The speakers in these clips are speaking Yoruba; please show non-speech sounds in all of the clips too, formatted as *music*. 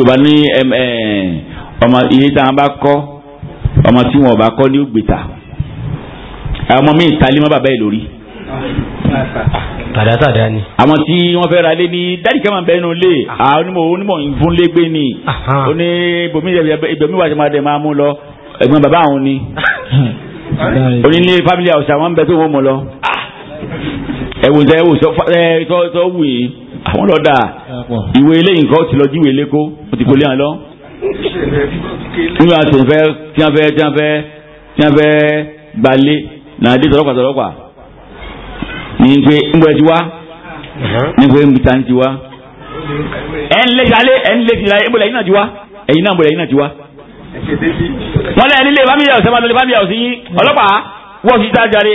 yorùbá ní eh, ọmọ iye tá a bá kọ́ ọmọ tí wọn ò bá kọ́ ní ògbèta àwọn ọmọ míì talé mọ́ bàbá ẹ̀ lórí. tàdátàdá ni. àwọn tí wọ́n fẹ́ ra lé ní dáàdì kẹ́mà bẹ́ẹ̀ nù lé ah. onímọ̀ onímọ̀ fún lẹ́gbẹ́ ni oní ibòmí ibòmí wàjú máa dẹ̀ máa mú lọ ẹ̀gbọ́n bàbá àwọn ni *laughs* onílé family house àwọn bẹ tó wọ́n mú lọ ah. ẹ̀wòsàn ẹ̀wòsàn ẹ̀wòsàn wù yìí àwọn lọ́dà ìwé ilé nǹkan ti lọ jíwèé ilé kó wọ́n ti kó lé wọn lọ. nígbà tí wọ́n fẹ́ tí wọ́n fẹ́ tí wọ́n fẹ́ tí wọ́n fẹ́ gbalé náà dé tọ́lọ́pàá tọ́lọ́pàá ní pé ń bọ̀ ẹ ti wá ní pé ń bìtá ń ti wá. ẹ̀ ń lé jalè ẹ̀ ń lé ti jalè ń bọ̀ lẹ́yìn náà ti wá ẹ̀yìn náà ń bọ̀ lẹ́yìn náà ti wá. wọ́n lẹ́yìn nílé bámiyàwó sẹ́wọ́n lọ́lẹ́ bámiyàwó sí ọlọ́pàá wọ́n ti dá jáde.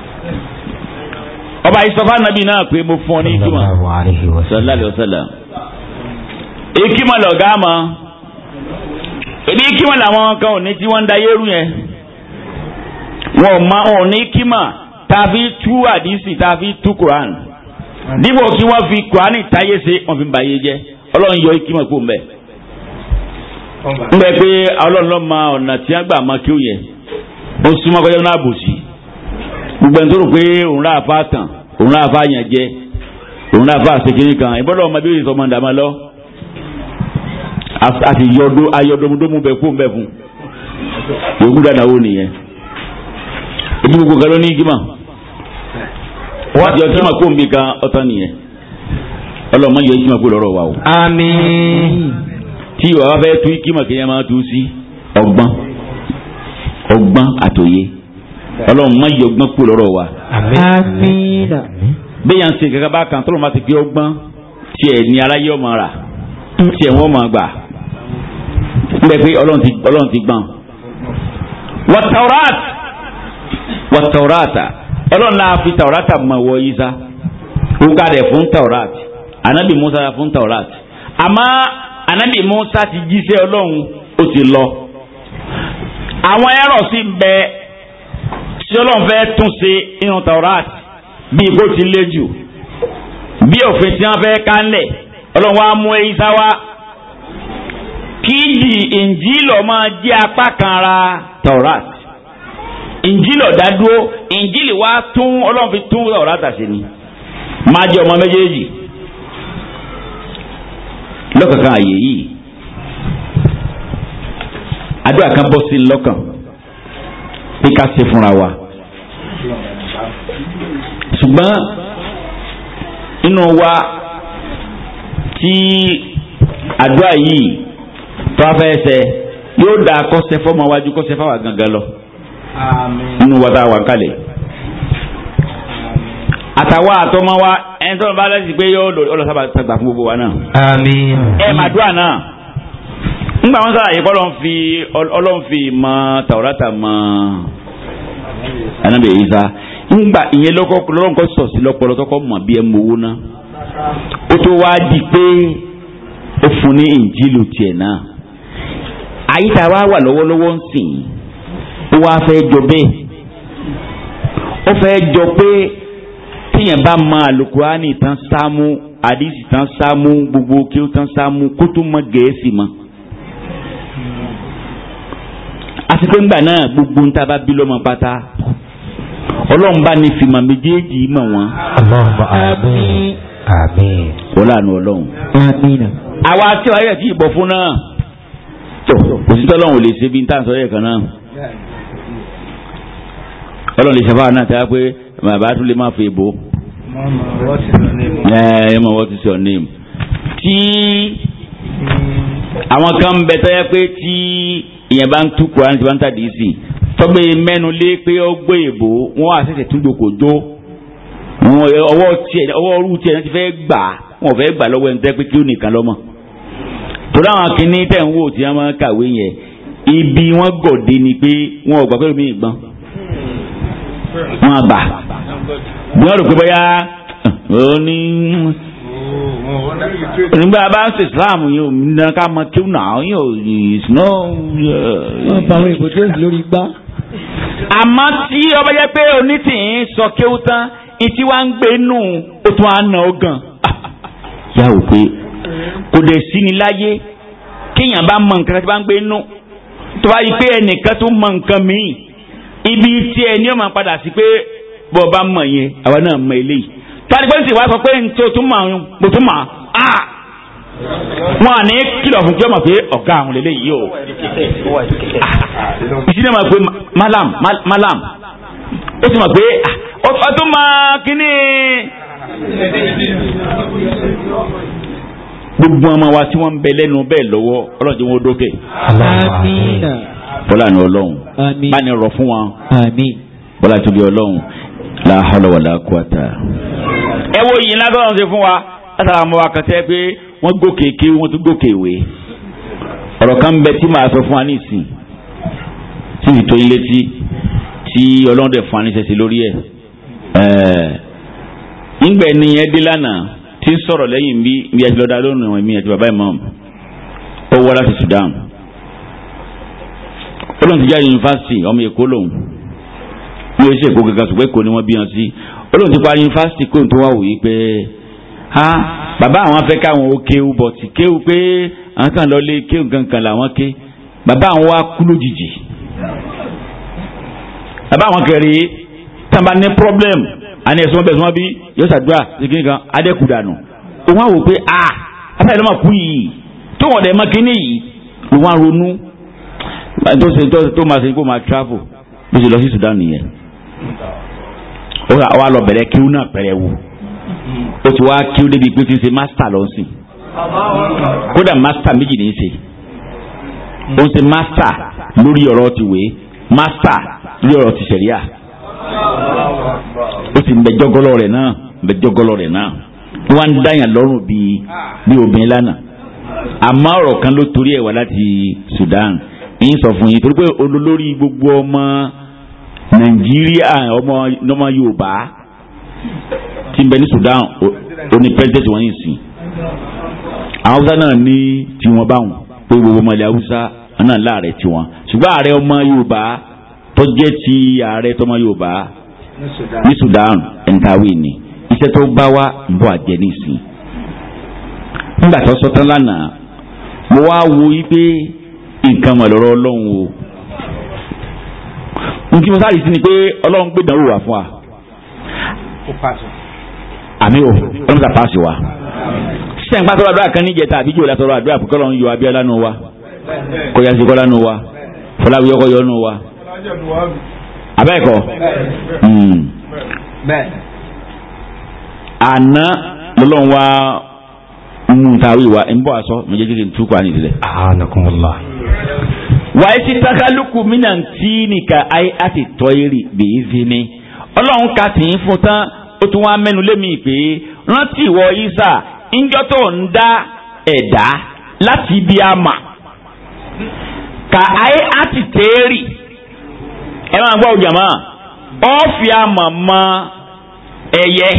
ọba ìsọfà nàbì náà pé mo fún ọ ní ìkímà sallallahu alaihi wasallam ìkímà lọ̀gá mọ́ èdè ìkímà làwọn kan ò ní tí wọ́n ń da yẹ́rù yẹn wọn ò má ò ní ìkímà tàbí tú àdìsí tàbí tú Quran dípò kí wọ́n fi Quran táyé ṣe wọ́n fi ń bàyé jẹ́ yọ ìkímà kó mbẹ́ ń pé ọlọ́run lọ́ọ́ ma ọ̀nà tí wọ́n gbà máa kí ó yẹ ó súnmọ́ kọjá náà bòsí gbogbo ẹni tó rò pé òun rà fà tàn òun rà fà yàn jẹ òun rà fà ṣe kínní kan ìbọ́dọ̀ ọmọ bíi ìsọmọ ìdàmọ́ lọ àti ayọ̀dọ̀mọdọ́mọ bẹ̀ fún bẹ̀ fún yòókù dáadáa wò nìyẹn ebi gbogbo kan ló ní igi mà wọ́n ti ọtí mà kó nbí kan ọ̀tá nìyẹn ọlọ́mọ yẹ igi mà kó lọ́rọ̀ wa o. àmín. tí ìwà wa fẹ́ tu igi mà kéèyàn máa tu sí ọgbọ́n ọgbọ́n àtòyé ọlọ́run má yọ ọgbọ́n kúrò lọ́rọ̀ wa. àmín. bẹ́ẹ̀ yàn ṣe kankan bá kan tọ́lọ́mọ ti gbé ọgbọ́n tiẹ̀ ní aráyé ọmọ rà tiẹ̀ wọ́n mọ̀ gbà nígbà pé ọlọ́run ti gbọ́n. wàtàwọ́rát wàtàwọ́rátà ọlọ́run náà fi tàwọ́rátà mọ̀ wọ yíṣá ó ká fún tàwọ́rát anabi musa fún tàwọ́rát àmọ́ anabi musa ti jíṣẹ́ ọlọ́run ó ti lọ àwọn ẹ̀rọ sì ń bẹ tí ọlọ́run fẹ́ tún ṣe inú taurat bí igbó ti lé jù bí òfin tí wọ́n fẹ́ kálẹ̀ ọlọ́run wa mú eyíṣá wá kí di ìǹjìlọ̀ máa jẹ́ apá kan ara taurat ìǹjìlọ̀ dádúró ìǹjìlì wa tún ọlọ́run fi tún taurat àṣẹ ni máa jẹ ọmọ méjèèjì lọ́kànkan àyè yìí àdúrà kan lọ́kàn pé ká ṣe fúnra wa ṣùgbọ́n nínú wa tí àdúrà yìí tó a fẹ́ ṣe yóò dá kọ́sẹ̀ fọ́mọ wájú kọ́sẹ̀ fáwọn gangan lọ nínú wa tá a wà ń kalẹ̀ àtàwọn àtọmọ wa ẹni tó ń bá lẹ́sìn pé yóò lò ọlọ́sà bá gbà fún gbogbo wa náà. àmín. ẹ máa dúà náà ńgbà wọn sàlàyé kọ́ ló ń fi ọlọ́run fi mọ tàwọ́rátà mọ anabi isa ngba ìyẹn lọkọ lọkọ sọ sí lọpọlọ tọkọ mọ bí ẹ mowó ná O tó wá di pé ó fún ní ìjìlù tiẹ̀ náà àyíká wa wà lọ́wọ́lọ́wọ́ ń sìn o wá fẹ́ jọ bẹ́ẹ̀ ó fẹ́ jọ pé tíyẹn bá máa alukurani tán sáàmù àdìsí tán sáàmù gbogbo kí ó tán sáàmù kó mọ gẹ̀ẹ́sì mọ́ àti pé ńgbà náà gbogbo ńta bá bí lọ́mọ pátá ọlọ́run bá ní fìmọ̀ méjèèjì mọ̀ wọ́n. Allahumma àmín àmín. wọ́n lànà ọlọ́run. àmín. àwa tí wàá yẹ kí ìbọ̀ fún náà tó kò sí tọ́lọ́run ò lè ṣe bí n táǹsọ̀ yẹ kan náà. ọlọ́run lè ṣàfáà náà tẹ́lá pé bàbá tún lè má fi ìbò. ẹ ẹ mọ what is your name. tí hmm. àwọn kan bẹ tẹ́lẹ̀ pé tí ìyẹn bá ń tú kuran tí wọ́n ń ta dìísì tọ́gbẹ́ mẹ́nu lé pé ó gbé ìbò wọ́n á ṣẹ̀ṣẹ̀ tún gbòkò jó ọwọ́ tiẹ̀ ọwọ́ ọrú tiẹ̀ náà ti fẹ́ gbà wọ́n fẹ́ gbà lọ́wọ́ ẹni tẹ́ pé kí ó nìkan lọ́mọ. torí àwọn akínní tẹ̀ ń wò tí wọ́n máa ń kàwé yẹn ibi wọ́n gọ̀dé ni pé wọ́n ò gbà pé mi gbọ́n wọ́n àgbà bí wọ́n rò pé bóyá hm, ó ní nígbà bá ń ṣe islam yìí ò ní ká mọ kí nà yìí ò yìí sinú. wọ́n bá àwọn èbò tó ń lórí gbá. àmọ́ tí ọba jẹ́ pé onítìyín sọ kéwú tán ìtí wàá ń gbé nù ó tún á nà ó gan. *laughs* yà wò pé kò dẹ̀ sí ni láyé kéèyàn bá mọ nǹkan tí wàá ń gbé nù tó bá yí pé ẹnìkan tó mọ nǹkan míì ibi tí ẹni ọmọ padà sí pé bọ́ọ̀ bá mọ̀ yẹn àwa náà mọ eléyìí. tó a ní pẹ́ sì wá sọ pé mo tún mọ̀ Ah! wọn à ní kìlọ̀ fún kí ọmọ pé ọ̀gá àwọn lélẹ̀ yìí o. ìṣiná máa pe malam malam ó sì mọ̀ pé ọ̀fà ah, tó máa kíní. gbogbo ọmọ wa tí wọ́n ń bẹ lẹ́nu bẹ́ẹ̀ lọ́wọ́ ọlọ́jọ́ wọn dókè. bọ́lá ni ọlọ́run bá ní ọ̀rọ̀ fún wọn bọ́lá tóbi ọlọ́run la hawla wala quwata. ẹ wo yìí lágbára ọ̀hún ṣe fún wa látara ọmọ wa kan tẹ́ pé wọ́n gòkè kéwé wọ́n tún gòkè ìwé ọ̀rọ̀ kan bẹ tí màá sọ fún wa ní ìsìn tí mi tó ń létí tí ọlọ́dẹ fún wa ní sẹ́sẹ́ lórí ẹ̀ nígbà ẹni yẹn dé lánàá tí ń sọ̀rọ̀ lẹ́yìn bí bí ẹjọ́ dá lónìí ẹ̀mí ẹ̀jọ̀ bàbá ìmọ̀ ó wá láti Sudan ó lóun ti jáde yunifásitì ọmọ Èkó lòun bí ó ṣe Èkó gẹ́gẹ́ sùgbọ́n Èkó ni wọ́n bí wọn sí ó lóun ti parí yunifásitì kóun tó wà wò yí pé ha baba àwọn fẹ́ káwọn ó kéwú bọ̀tì kéwú pé àwọn kan lọ lé kéwú kankan làwọn ké bàbá àwọn wá kú lójijì bàbá àwọn kẹrì tàbá ní pọ́blẹ́mù àní ẹ̀sùn bẹ̀rẹ̀ bí yóò ṣàdúrà ìkíni kan adẹ́kùdànù òun àwò pé a afẹ́ ló máa kú yìí tó wọ́n dẹ̀ máa kíní yìí lòun á ronú tó ṣe tó máa ṣe kó máa travel bó ṣe lọ sí Sudan nìyẹn ó wà lọ bẹ̀rẹ̀ kéwú náà pẹ̀rẹ̀ wù ó ti wá kí ó débi pé ti ṣe mástà lọ sí kódà mástà méjì ní í ṣe ó ń ṣe Master lórí ọ̀rọ̀ ti wé mástà lórí ọ̀rọ̀ ti ṣẹ̀ríà ó sì ń bẹ jọ́gọ́lọ́ rẹ̀ náà ń bẹ jọ́gọ́lọ́ rẹ̀ náà wọ́n á ń dáyàn lọ́rùn bíi bíi obìnrin lánàá àmọ́ ọ̀rọ̀ kan ló torí ẹ̀ wá láti Sudan ń sọ fún yín torí pé olórí gbogbo ọmọ Nàìjíríà ọmọ Yorùbá tí ń bẹ ní Sudan ó ní president wọn yìí sìn àwọn Hausa náà ní tiwọn báwọn pé gbogbo ọmọ ilẹ̀ Hausa náà láàrẹ̀ tiwọn ṣùgbọ́n ààrẹ ọmọ Yorùbá tó ti ààrẹ tọmọ Yorùbá ní Sudan ẹ̀ńtàwé ni iṣẹ́ tó bá wa ń bọ̀ àjẹ́ nísìn nígbà tó sọ tán lánàá mo wá wo yí pé nǹkan mọ̀ lọ́rọ̀ Ọlọ́run o nkí mo sáré sí ni pé Ọlọ́run gbé ìdánwò wá fún wa àmì o ọlọ́mọta paasi wa sísan pàtó àdúrà kan níjẹta àbíjò látọrọ àdúrà pé kọ́lọ́run yọ abíọ́lá nù wa kọ́yàsí kọ́lá nù wa fọláwíyọ́ kọ́ yọ nù wa abẹ́ẹ̀kọ́ hmm. àná lọ́lọ́run wa mú tàwí wa ń bọ̀ aṣọ mi jẹ́ kí n tú kwan ìdílé. wàá ṣe takaluku mí náà tí nìkan ayé àti tọ́ irì bèé zini ọlọ́run ka tì í fún tán ó tún wá mẹ́nu lémi pé rántí ìwọ isa ńjọ́ tó ń dá ẹ̀dá láti ibi àmà kà áyé á ti téèrì ẹ máa gbọ́ ọjà mọ́ ọ àmà mọ ẹ̀yẹ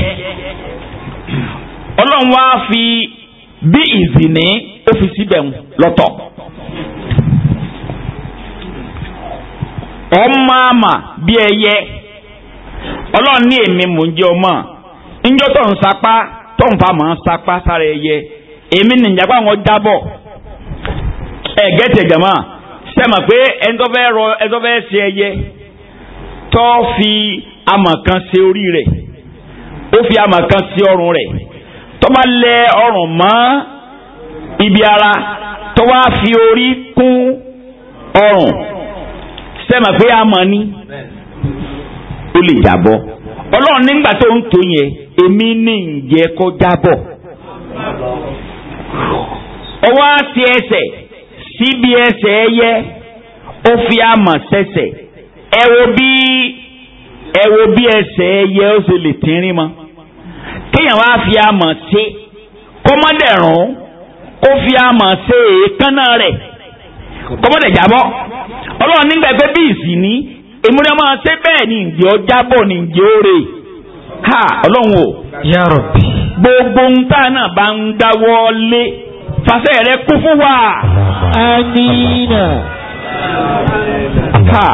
ọlọ́run wá fi bí ìzìní ó fi síbẹ̀ lọ́tọ̀. ọmọ àmà bí ẹyẹ ọlọ́run ní èmi mò ń jẹ́ ọmọ níjọ́ tó ń sapá tó ń fa mọ̀ ń sapá sára ẹyẹ èmi nìjàpá wọn jábọ̀ ẹ̀ gẹ́tẹ̀ jàmọ́ sẹ́mọ̀ pé ẹni tó fẹ́ rọ ẹni tó fẹ́ ṣe ẹyẹ tó fi amọ̀ kan ṣe orí rẹ̀ ó fi amọ̀ kan ṣe ọrùn rẹ̀ tó bá lẹ ọrùn mọ́ ibi ara tó wá fi orí kún ọrùn sẹ́mọ̀ pé amọ̀ ni ó lè jábọ́ ọlọ́run nígbà tó ń tó yẹn èmi ní ìjẹ́ kó jábọ́ ọwọ́ àti ẹsẹ̀ síbi ẹsẹ̀ ẹyẹ ó fi àmọ̀ sẹsẹ̀ ẹ wo bí ẹ wo bí ẹsẹ̀ ẹyẹ ó ṣe lè tínrín mọ́ kéèyàn wá fi àmọ̀ sí kọ́mọ́dẹ̀rún kó fi àmọ̀ sí èékánná rẹ̀ kọ́mọ́dẹ̀ jábọ́ nígbà pé bí ìsìn ní èmúrí ọmọ ṣé bẹ́ẹ̀ ni ǹjẹ́ ọ jábọ̀ ni ǹjẹ́ ó rè ha ọlọ́run o. Ya Rabbi. gbogbo ń tá náà bá ń dáwọ́ lé fàṣẹ rẹ kún fún wa. amiina. ha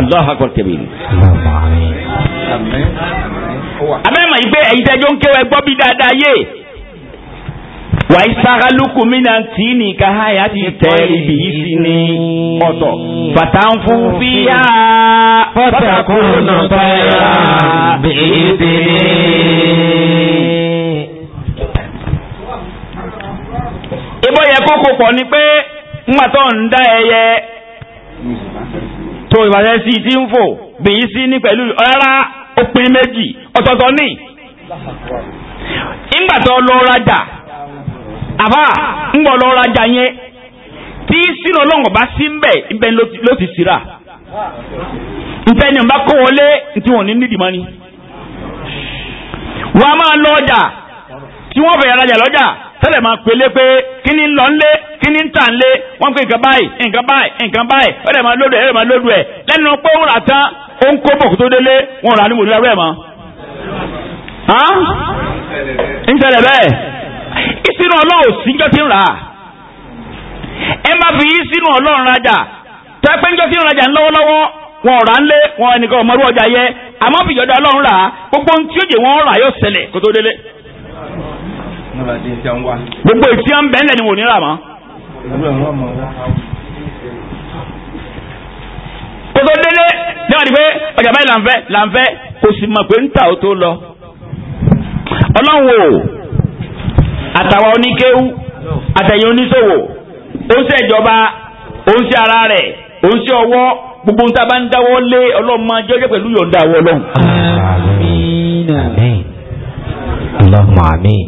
Allahu akbar kabiru. amẹ́mọ̀ yìí pé ẹ̀yin tẹ́jọ́ ń kéwọ́ ẹ gbọ́ bí dáadáa yé. wà ìsàkálùkù mìíràn tí nìkan àyà ti tẹ ibi yìí sí ní ọ̀tọ̀ fàtàǹfù fíyà fọ́tàkùnà tọ́yà bèbè. ibo yẹ kókó pọ̀ ni pé ńgbà tó ń dá ẹyẹ tó ìbàdàn sí ti ń fò sí pẹ̀lú ó méjì àbá ń bọ̀ lọ rajà yẹn tí sínú ọlọ́run bá sí ń bẹ̀ ibẹ̀ ló ti síra nfẹ́ ni ọba kó wọlé tí wọ́n ní nídìí mọ́ni. wọ́n a máa lọ ọjà tí wọ́n fẹ̀yà rajà lọ́jà tẹ́lẹ̀ máa pélé pé kí ni lọ ńlé kí ni ń tà wọ́n pe nǹkan báyìí nǹkan báyìí nǹkan báyìí ọ̀rẹ́ máa lódù ẹ̀ ọ̀rẹ́ máa lódù ẹ̀ lẹ́nu pé wọ́n rà tán ó ń kó bòkú tó délé wọ́n rà ní mòdúrà rẹ̀ mọ́. ń ṣẹlẹ̀ bẹ́ẹ̀ ìsinú ọlọ́run síjọ́ ti ń rà á ẹ má fi ìsinú ọlọ́run rajà tẹ́pẹ́ níjọ́ ti ń rajà lọ́wọ́lọ́wọ́ wọn ọ̀rá ńlé wọn ẹnìkan ọ̀mọ́rú ọjà yẹ àmọ́ fi ìjọba ọlọ́run rà á gbogbo ohun tí ó jẹ wọn rà yóò ṣẹlẹ̀ kó tó délé. gbogbo ìtí à ń bẹ́ẹ̀ lẹ́ni wò ní rà mọ́. kó tó délé níwájú pé ọjà báyìí là ń fẹ́ là ń fẹ́ kò sì mọ̀ pé ń tà ó tó lọ. ọlọ́run wò àtàwa oníkéwú àtẹ̀yìn oníṣòwò ó ń ṣe ìjọba ó ń ṣe ara rẹ̀ ó ń ṣe ọwọ́ gbogbo nta bá ń dáwọ́ lé ọlọ́run máa jẹ́jẹ́ pẹ̀lú yọ̀ǹda àwọ̀ ọlọ́run. Allahumma àmín.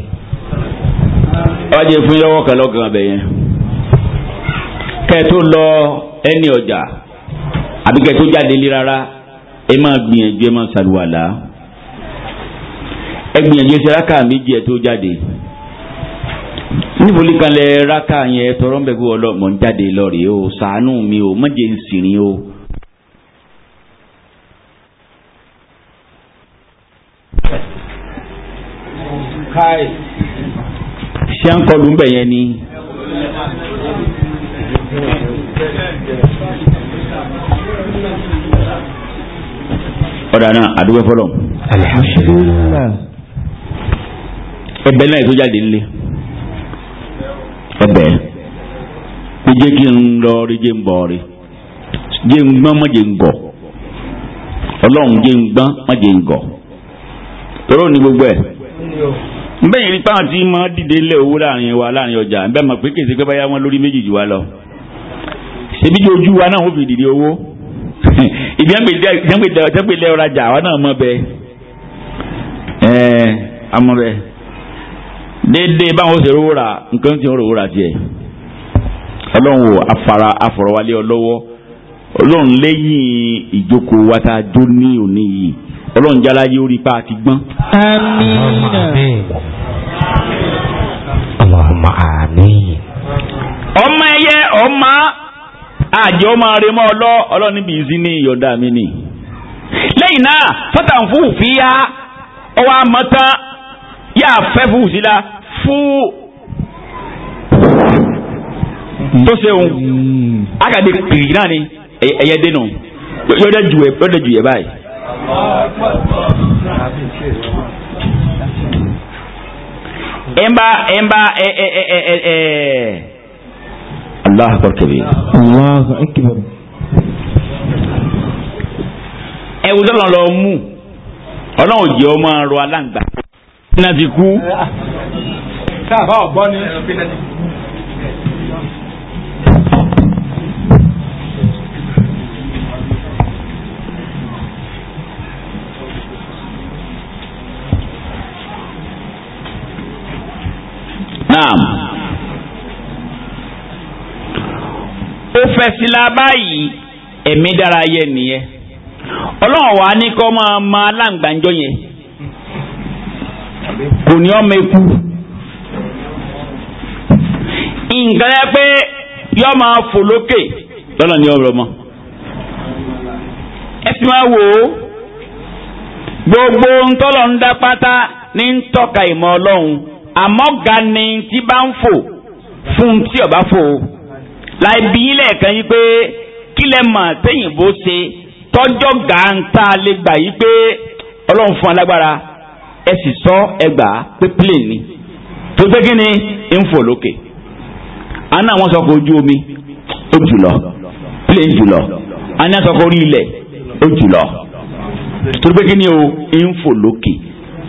ọjọ́ ìfún yọwọ́ kan lọ́gàn abẹ yẹn kẹ́ẹ̀ tó lọ ẹni ọjà àbí kẹ́ẹ̀ jáde lé rárá ẹ máa gbìyànjú ẹ máa ṣàlùwàlá ẹ gbìyànjú ẹ ṣe rákà méjì ẹ tó jáde níboli kan lẹ raka yẹn tọrọ bẹ gbọ ọlọmọ ń jáde lọrẹ o ṣàánú mi o má jẹ́ n sìnrìn o. ṣé à ń kọlu ń bẹ̀ yẹn ni. ọ̀dà náà àdúgbò fọlọ́. alihamudulilayi. ẹbẹ náà ètò jáde ńlẹ̀. ọ pé jẹ́ kí n lọ rí n bọ̀ rí n gbọ́n má jẹ́ n gọ̀ ọlọ́run jẹ́ n gbọ́n má n gbogbo máa dìde owó láàrin wa láàrin ọjà pé kèsì pé báyà wọn lórí méjì lọ ojú wa náà ó fi dìde owó *laughs* ọ̀rajà wa náà mọ̀ bẹ́ẹ̀ ẹ̀ amọ̀ bẹ́ẹ̀. déédéé báwọn ṣe rówó nǹkan tí wọ́n rówó ra tiẹ̀ ọlọ́run afara ọlọ́run lẹ́yìn ìjókòó wa tá a jó ní òní yìí ọlọ́run jẹ́ aláyé pa àti gbọn. ọmọ ẹyẹ ọmọ àjẹ ọmọ rẹ mọ ọlọ ọlọ́run níbi ìsín ní ìyọ̀dá mi ni. lẹ́yìn náà fọ́tàǹfù ọwọ́ fún tó ṣe òun akadé kiri náà ni ẹyẹ dénú yọjọ ju ẹ yọjọ ju ẹ báyìí. ẹ ń bá ẹ ń bá ẹ ẹ ẹ ẹ ẹ Allahu akbar kabir. Allahu akbar. ẹ wo sọ́nà lọ mú ọlọ́run jẹ́ ọmọ ọ̀rọ̀ aláǹgbá. ní a kú káàbá ọ̀gbọ́ ni. naam ó fẹsílá báyìí ẹ̀mí dára yẹ nìyẹn ọlọ́run wa ní kọ́ máa ma aláǹgbàjọ yẹn kò ní ọmọ eku nǹkan yẹ pé yọ máa fò lókè lọ́nà ní ọ̀rọ̀ mọ́. ẹ sì máa wò ó gbogbo ntọ́lọ̀ ń dá pátá ní ń tọ́ka ìmọ̀ ọlọ́run àmọ́ ga ni tí bá ń fò fún tí ọba fò láì bí ilẹ̀ kan yìí pé kílẹ̀ mà téyìnbó ṣe tọ́jọ́ gàǹtà lè gbà yìí pé ọlọ́run fún alágbára ẹ sì sọ ẹgbàá pé plane ni tó ṣe kí ni ń fò lókè. Ana ní àwọn sọkọ ojú omi ó jùlọ plane jùlọ a ní àsọkọ orí ilẹ̀ ó jùlọ torí pé kí ni o ń fò lókè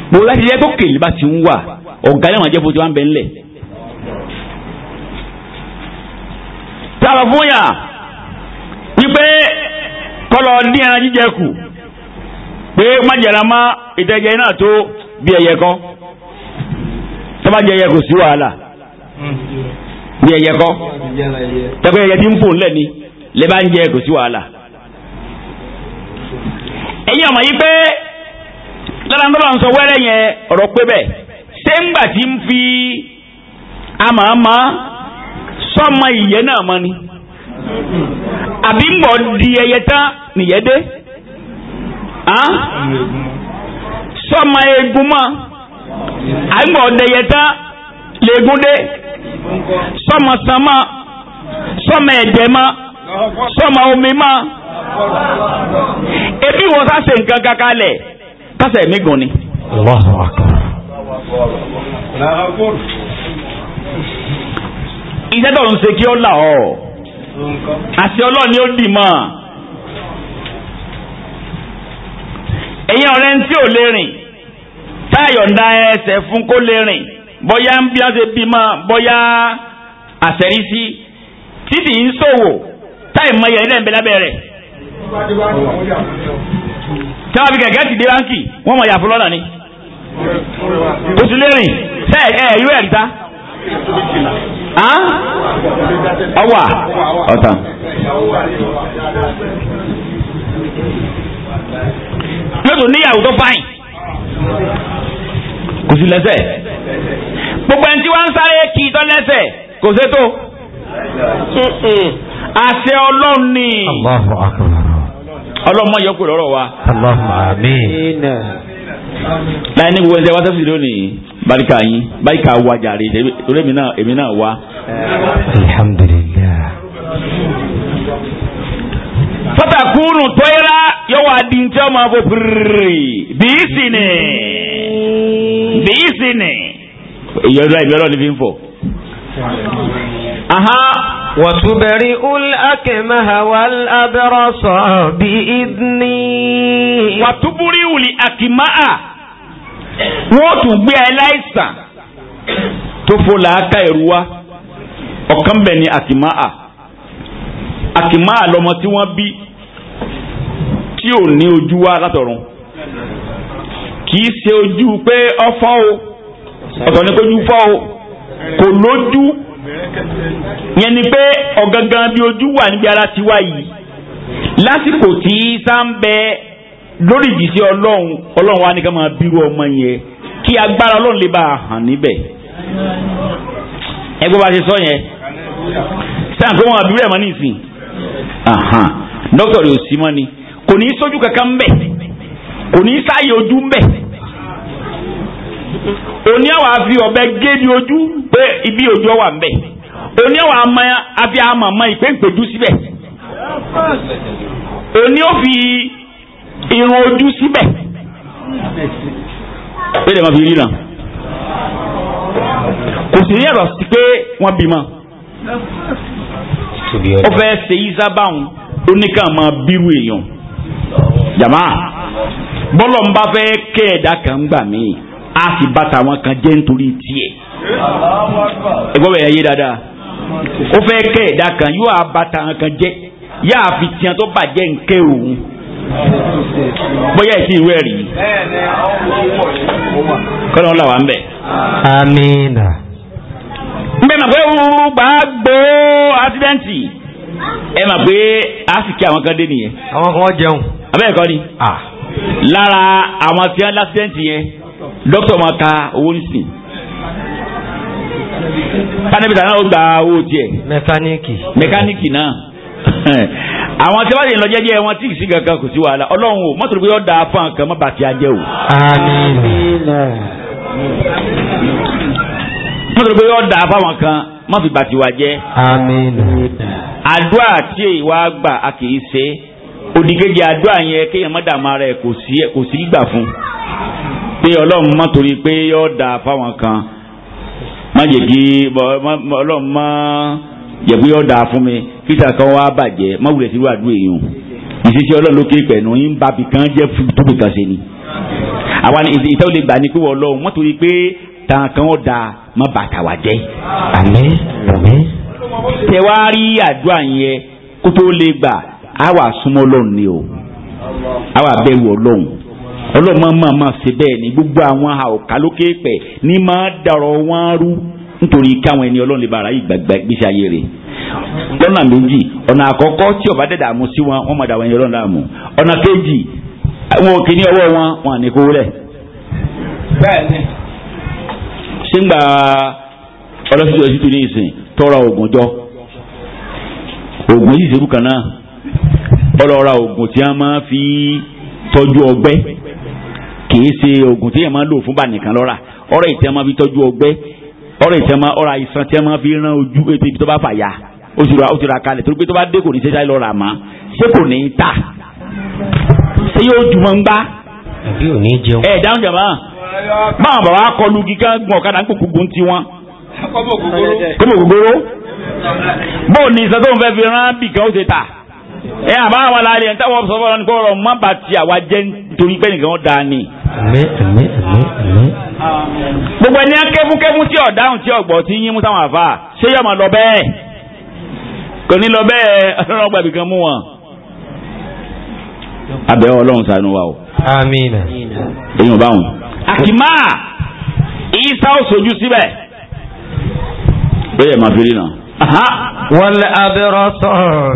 gbogbo láti yẹ kókè nígbà tí ń wà ọ̀gá yẹn wọn jẹ́ fojú ń bẹ ńlẹ̀. sábà fún yà wípé kọlọ ní ẹran jíjẹ kù pé májèlá má ìtẹ̀jẹ̀ náà tó bí ẹyẹ kan sábà kò sí wàhálà. bí ẹyẹ kọ tẹ́kọ̀ ẹyẹ tí ń fò ńlẹ̀ ni lè bá ń jẹ kò sí wàhálà. ẹ̀yin ọmọ yìí pé lára ńlọ́lọ́ ń sọ wẹ́rẹ́ yẹn ọ̀rọ̀ pé bẹ́ẹ̀ ṣé tí ń fi dé sọ́mọ egun mọ́ àbí ń bọ̀ dé. sọmọ sàmà sọmọ ẹ̀jẹ̀ ma sọmọ omi ma ebi wọn sá ṣe nǹkan kankan lẹ̀ kásẹ̀ mi gùn ni. iṣẹ́ tó ń ṣe kí ó là ọ́ àti ọlọ́ọ̀ni ó dì mọ́ ẹ̀yin ọ̀rẹ́ ń tí ò lè rìn táyọ̀ ń da ẹsẹ̀ fún kó lè rìn. bọ́yá ń bí wọ́n ṣe bímọ bọ́yá àṣẹrísí títí ń ṣòwò táì mọ ìyá ilé ń bẹ lábẹ́ rẹ̀. tí wọ́n fi kẹ̀kẹ́ ti dé báńkì wọ́n mọ̀ yàfọ́ lọ́nà ni. kò sí lérìn ṣe ẹ ìwé ẹ̀rí ta. ọwà ọ̀tà. yóò tún níyàwó tó báyìí. kò sí lẹ́sẹ̀ gbogbo ẹni tí wọ́n ń sáré kì í tọ́ lẹ́sẹ̀ kò sétò àṣẹ ọlọ́run ni ọlọ́mọ yọkù lọ́rọ̀ wa. láì ní gbogbo ẹni tí wọ́n tẹ́sí lónìí barika yín barika wa jàre torí èmi náà èmi náà wa. alhamdulilayi. fatakunu tóyera yóò wá di ntẹ́ ọmọ abọ́ pírírì bí í kíìsì ni. èyí ọlọ́ ìbí ọlọ́ọ̀ni fi ń fọ̀. وتبرئ الأكمه والأبرص بإذني وتبرئ الأكمه wọ́n tún gbé aláìsàn tó fò làákà ìrúwá ọ̀kan bẹ̀ ni àkìmáà àkìmáà lọmọ tí wọ́n bí tí ò ní ojú wá látọ̀run kì í ṣe ojú pé ọfọ́ o ọ̀tọ̀ ni kojú fọ́ o kò lójú yẹn ni pé ọ̀gangan bí ojú wà níbi ara ti wá yìí lásìkò tí sá ń bẹ lórí ìjìṣẹ́ ọlọ́run ọlọ́run wa ni ká máa bírú ọmọ yẹn kí agbára ọlọ́run lè bá a hàn níbẹ̀ ẹgbẹ́ bá ṣe sọ yẹn sáà pé wọn àbúrò ẹ̀ mọ́ nísìn dókítà rẹ̀ ò sí mọ́ ni kò ní í sójú kankan bẹ́ẹ̀ kò ní sáyé ojú ń bẹ̀ òní àwọn àfi ọ̀bẹ gé ní ojú pé ibi ojú ọwà ń bẹ̀ òní àwọn àmọ́ àfi àmọ́ àmọ́ ìpéǹpéjú síbẹ̀ òní ó fi irun ojú síbẹ̀ pé lè máa fi ríran kò sí ní ẹ̀rọ sí pé wọ́n bímọ ó fẹ́ ṣe ìsábàwọn ó ní ká máa bírú èèyàn jàmáà bọ́lọ̀ ń bá fẹ́ kẹ́ ẹ̀dá kan gbà mí a sì bá tàwọn kan jẹ́ nítorí tiẹ̀ ẹgbọ́n bẹ̀rẹ̀ yé dáadáa ó fẹ́ kẹ́ ẹ̀dá kan yóò á bá tàwọn kan jẹ́ yáà fi tiẹ̀ tó bàjẹ́ nkẹ́ òun bóyá ìsìn ìwé rí kọ́nà ọ̀la wà ń bẹ̀. amiina. n bẹ́ẹ̀ mọ̀ pé wúrú bá gbó ásídẹ́ǹtì ẹ mọ̀ pé a sì kí àwọn kan dé nìyẹn. àwọn kan jẹun. abẹ́ẹ̀kọ́ ni. ah lára àwọn tí wọ́n lásìdẹ́ǹtì yẹn dókítà máa ka owó nísìn panabita náà ó gba owó tiẹ̀. mẹkáníìkì. mẹkáníìkì náà àwọn tí wọ́n lè lọ jẹ́jẹ́ wọn tí kì í sí kankan kò sí wàhálà ọlọ́run o mọ́tò lóko yóò da fún àǹkan mọ́ bàtí ajẹ́ o. àmín. mọ́tò lóko yóò da fún àwọn kan mọ́ fi bàtí wa jẹ́. àmín. àdúrà tí èyí wá gbà a kì í ṣe é òdìkejì àdúrà yẹn kéèyàn má dààmú ara ẹ̀ kò sí kò sí gbà fún pé ọlọ́run má torí pé yọ da fáwọn kan má jẹ́ kí ọlọ́run má jẹ́ pé yọ da fún mi kíta kan wá bàjẹ́ má wulẹ̀ sí wàdú èèyàn ìṣiṣẹ ọlọ́run lókè pẹ̀lú yín bá bìkan jẹ tóbi kan ṣe ni àwa ni ìṣe ìṣe gbà ní pé ọlọ́run má torí pé tàn kan ó da má bàtà wà jẹ. àmín àmín. tẹ̀wá rí àdúrà yẹn lè gbà á wà súnmọ́ ọlọ́run ni o á wà bẹ̀rù ọlọ́run ọlọ́run máa máa máa ṣe bẹ́ẹ̀ ni gbogbo àwọn àwòká lókè pẹ̀ ní máa dàrọ̀ wọ́n rú nítorí káwọn ẹni ọlọ́run lè ara gbèsè ayé rẹ̀ lọ́nà méjì ọ̀nà àkọ́kọ́ tí ọba dẹ̀dà mú sí wọn wọ́n máa ẹni ọlọ́run ọ̀nà kejì wọn ọwọ́ wọn wọn à ní jọ ògùn yìí ọlọ́ra oògùn tí a máa fi tọ́jú ọgbẹ́ kìí ṣe oògùn tí a máa lò fún bànìkan lọ́ra ọ̀rọ̀ ìtí a máa fi tọ́jú ọgbẹ́ ọ̀rọ̀ ìtí a máa ọ̀rọ̀ àìsàn tí a máa fi rán ojú ètò ibi tó bá fàyà ó sì ra ó sì ra kalẹ̀ torí pé tó bá dé kò ní ṣẹ́ṣá lọ́ra mọ́ ṣé kò ní ta ṣé yóò jùmọ̀ ń bá. àbí ò ní jẹun. ẹ dáhùn jàmbá máa bàbá kọlu kíkà gbọ̀n ọ̀kadà ń kókó gun tiwọn. kọ́mọ̀ gbogbo bóò ní ìsọ́tò fẹ́ fi rán bìkan ó ṣe ta ẹ àbá àwọn aláàrẹ ẹ̀ táwọn sọ fọlọ́ ní kọ́ ọ̀rọ̀ má bàa ti àwa jẹ́ nítorí pé nìkan dáa ni. gbogbo ẹni akẹ́fúnkẹ́fún tí ọ̀dáhùn tí ọ̀gbọ̀ tí yín mú táwọn àfa ṣé yọ̀ máa lọ bẹ́ẹ̀ kò ní lọ bẹ́ẹ̀ ọlọ́run gbàgbé kan mú wọn. abẹ́ ọlọ́run ṣàánú wa o. amiina. èyàn bá wọn. àkìmá ìyíṣà ò sojú síbẹ̀. bẹ́ẹ̀ máa fi rí náà wọ́n abẹ́rọ́sọ̀.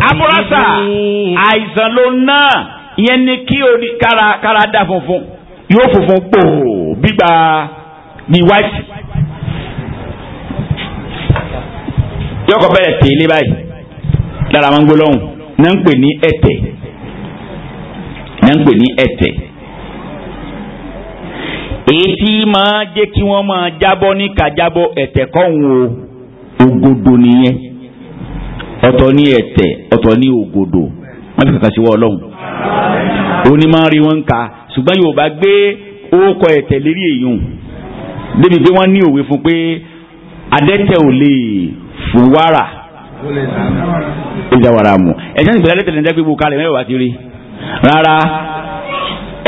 abúrọ́sà àìsàn ló ná ìyẹn ni kí orí kára kára dà funfun yóò funfun pò gbígbà ní white. yọkọ bẹ̀rẹ̀ tèlé báyìí lára àwọn gbólóhùn náà ń pè ní ẹ̀tẹ̀ náà ń pè ní ẹ̀tẹ̀ èyí tí máa jẹ́ kí wọ́n máa jábọ́ ní kàjábọ́ ẹ̀tẹ̀ kọ́hún o ògodo nìyẹn ọ̀tọ̀ ní ẹ̀tẹ̀ ọ̀tọ̀ ní ògodo wọ́n fi kàkà sí wọ́n ọlọ́run òní máa ń rí wọn kà ṣùgbọ́n yorùbá gbé orúkọ ẹ̀tẹ̀ lérí èèyàn débi pé wọ́n ní òwe fún pé adẹ́tẹ̀ ò lè fún wàrà ìjàwàrà mu ẹ̀jẹ̀ nígbà adẹ́tẹ̀ lè dẹ́gbẹ́ gbogbo kalẹ̀ mẹ́wàá ti rí rárá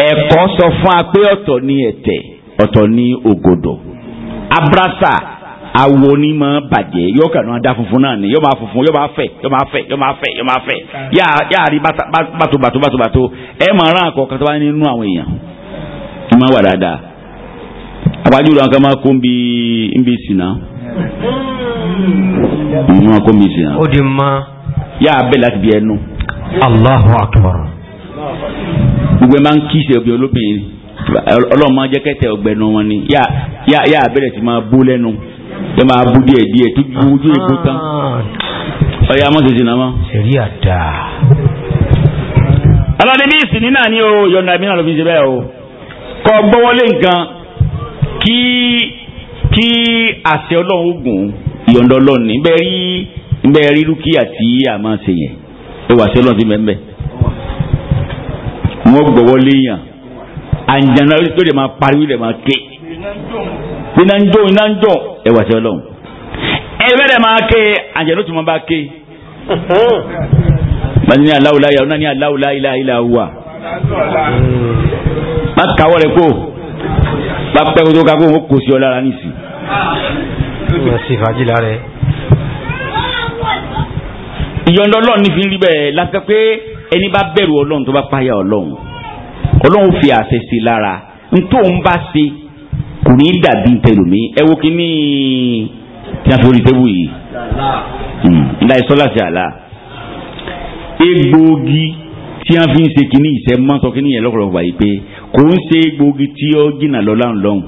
ẹ̀kọ́ sọ fún wa pé ọ̀tọ̀ ní ẹ̀tẹ̀ ọ̀tọ̀ ní ògodo abrasa awo ni ma bàjẹ́ yóò kàn funfun náà ni yóò máa funfun yóò máa fẹ̀ yóò máa fẹ̀ yóò máa fẹ̀ yóò máa fẹ̀ yáa rí bàtò bàtò bàtò bàtò ẹ máa rán àkọ́ kan tó bá nínú àwọn èèyàn ẹ máa wà dáadáa àwájú ìlú àwọn kan máa kó bi ń bi máa kó ó di mọ. yáa láti bí ẹnu. Allahu gbogbo ẹ máa ń kí olóbìnrin ọlọ́run máa jẹ́ ọgbẹ́nu wọn ni bẹ̀rẹ̀ sí máa ẹ máa bú díẹ̀ díẹ̀ tó ju ojú ègbó ah. tán ọyá mọ tètè náà mọ. sẹ̀rí àdá. alọ́ni bí ìsìn nínà ni o yọ̀nà mi náà fi ṣe bẹ́ẹ̀ o kọ́ gbọ́wọ́lé nǹkan kí kí àṣẹ ọlọ́run gùn ìyọ̀ǹda ọlọ́run ní bẹ́ẹ̀ rí bẹ́ẹ̀ rí rúkìá tí a máa ṣe yẹn ó wà sí ọlọ́run ti mẹ́mbẹ́ wọ́n gbọ́wọ́lé yàn àǹjànà lórí tó lè máa pariwo lè máa ké iná ń jó iná ń jó ẹwà tí ọlọ́run ẹgbẹ́ rẹ̀ máa ké àjẹ̀ló tó máa bá ké bàtí ní aláwùlá yà ọ̀nà ní aláwùlá ilá ilá wà má kàwọ́ rẹ̀ kó bá pẹ́ kó tó ká kó ń kó sí ọ lára nìsí. ìyọ̀ndọ̀ ọlọ́run ní fi ń rí bẹ́ẹ̀ lásìkò pé ẹni bá bẹ̀rù ọlọ́run tó bá páyà ọlọ́run ọlọ́run fi àṣẹ sí lára ntòun bá ṣe kò ní dàbí tẹlómi ẹ wo kíní tí a fi orí tébù yìí ńlá ìsọlá sí àlá egbòogi tí a fi ń ṣe kíní ìṣe mọ́ sọ kíní yẹn lọ́kọ̀lọ́kọ̀ báyìí pé kò ń ṣe egbòogi tí ó jìnnà lọ láhùn lọ́hùn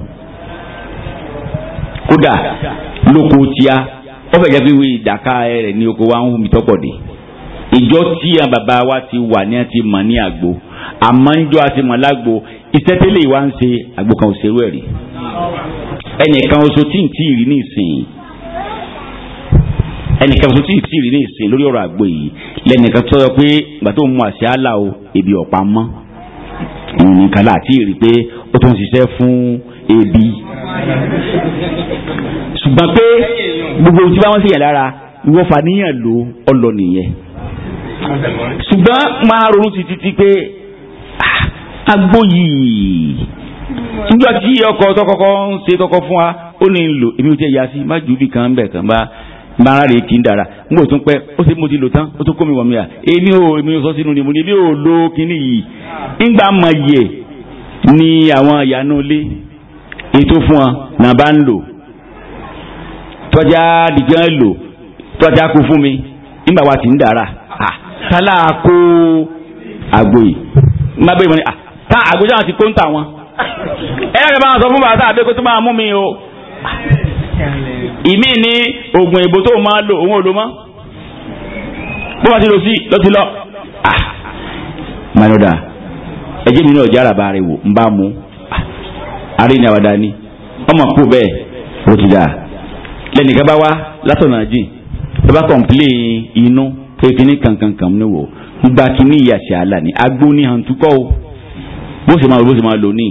kódà lóko tíá ó jẹ́ pé ìdàká rẹ̀ ní oko wa ń hùmí tọ́pọ̀ dé ìjọ tí a bàbá wa ti wà ní a ti mọ̀ ní àgbo àmọ́ ń jọ a ti mọ̀ lágbo iṣẹ́ tẹ́lẹ̀ ń ṣe àgbo kan ò ṣerú ẹ̀ rí ẹnìkan oṣù tí ń tí rí nísìn ẹnìkan oṣù tí ń tí rí nísìn lórí ọ̀rọ̀ àgbo yìí lẹ́nìkan tó yọ pé ìgbà tó ń mu àṣẹ àlà o ebi ọ̀pá mọ́ òun láti rí pé ó tún ṣiṣẹ́ fún ebi ṣùgbọ́n pé gbogbo ohun tí wọ́n ṣe yàn lára ìwọ́n fàníyàn ló ọlọ nìyẹn ṣùgbọ́n máa ronú títí pé ah, àgbo yìí níjọ́ tí ọkọ̀ tọkọkọ ń ṣe kọ́kọ́ fún wa ó ní lò èmi ò tiẹ̀ yá sí má jù bí kan bẹ̀ kan bá mara rè kí n dara n kò tún pẹ ó sì mo ti lò tán ó tún kó mi wọ̀ mi à èmi ò èmi ò sọ sínú ni mo ní èmi ò lo kíní yìí ńgbà mọ yẹ ni àwọn ìyanu ilé ètò fún wọn náà bá ń lò tọ́já dìgbọ́n lò tọ́já kú fún mi ńgbà wa ti ń dara à tálá kó àgbo yìí má bẹ́ẹ̀ mọ́ ni à tá àgbo sáà ti kó ń tà wọn ẹ̀yà kẹfà sọ fún bàtà àbẹ́kó tó máa mú mi o ìmí ní oògùn ìbò tó máa lò òun ò bó bá ti lò sí ló ti lọ. Ah, manoda ẹjẹ mi náà jára bá rẹ wò ń bá mu àrí ni àwàdà ni ọmọ kú bẹ́ẹ̀ ó ti dà lẹ́nìkan bá wá látọ̀nà jìn ẹ bá kọ̀ǹpilé inú pépé ní kankankan ní wò gba kínní ìyàsí àlà ni agbóni hàn tukọ́ o bó ṣe máa lò bó ṣe máa lò ní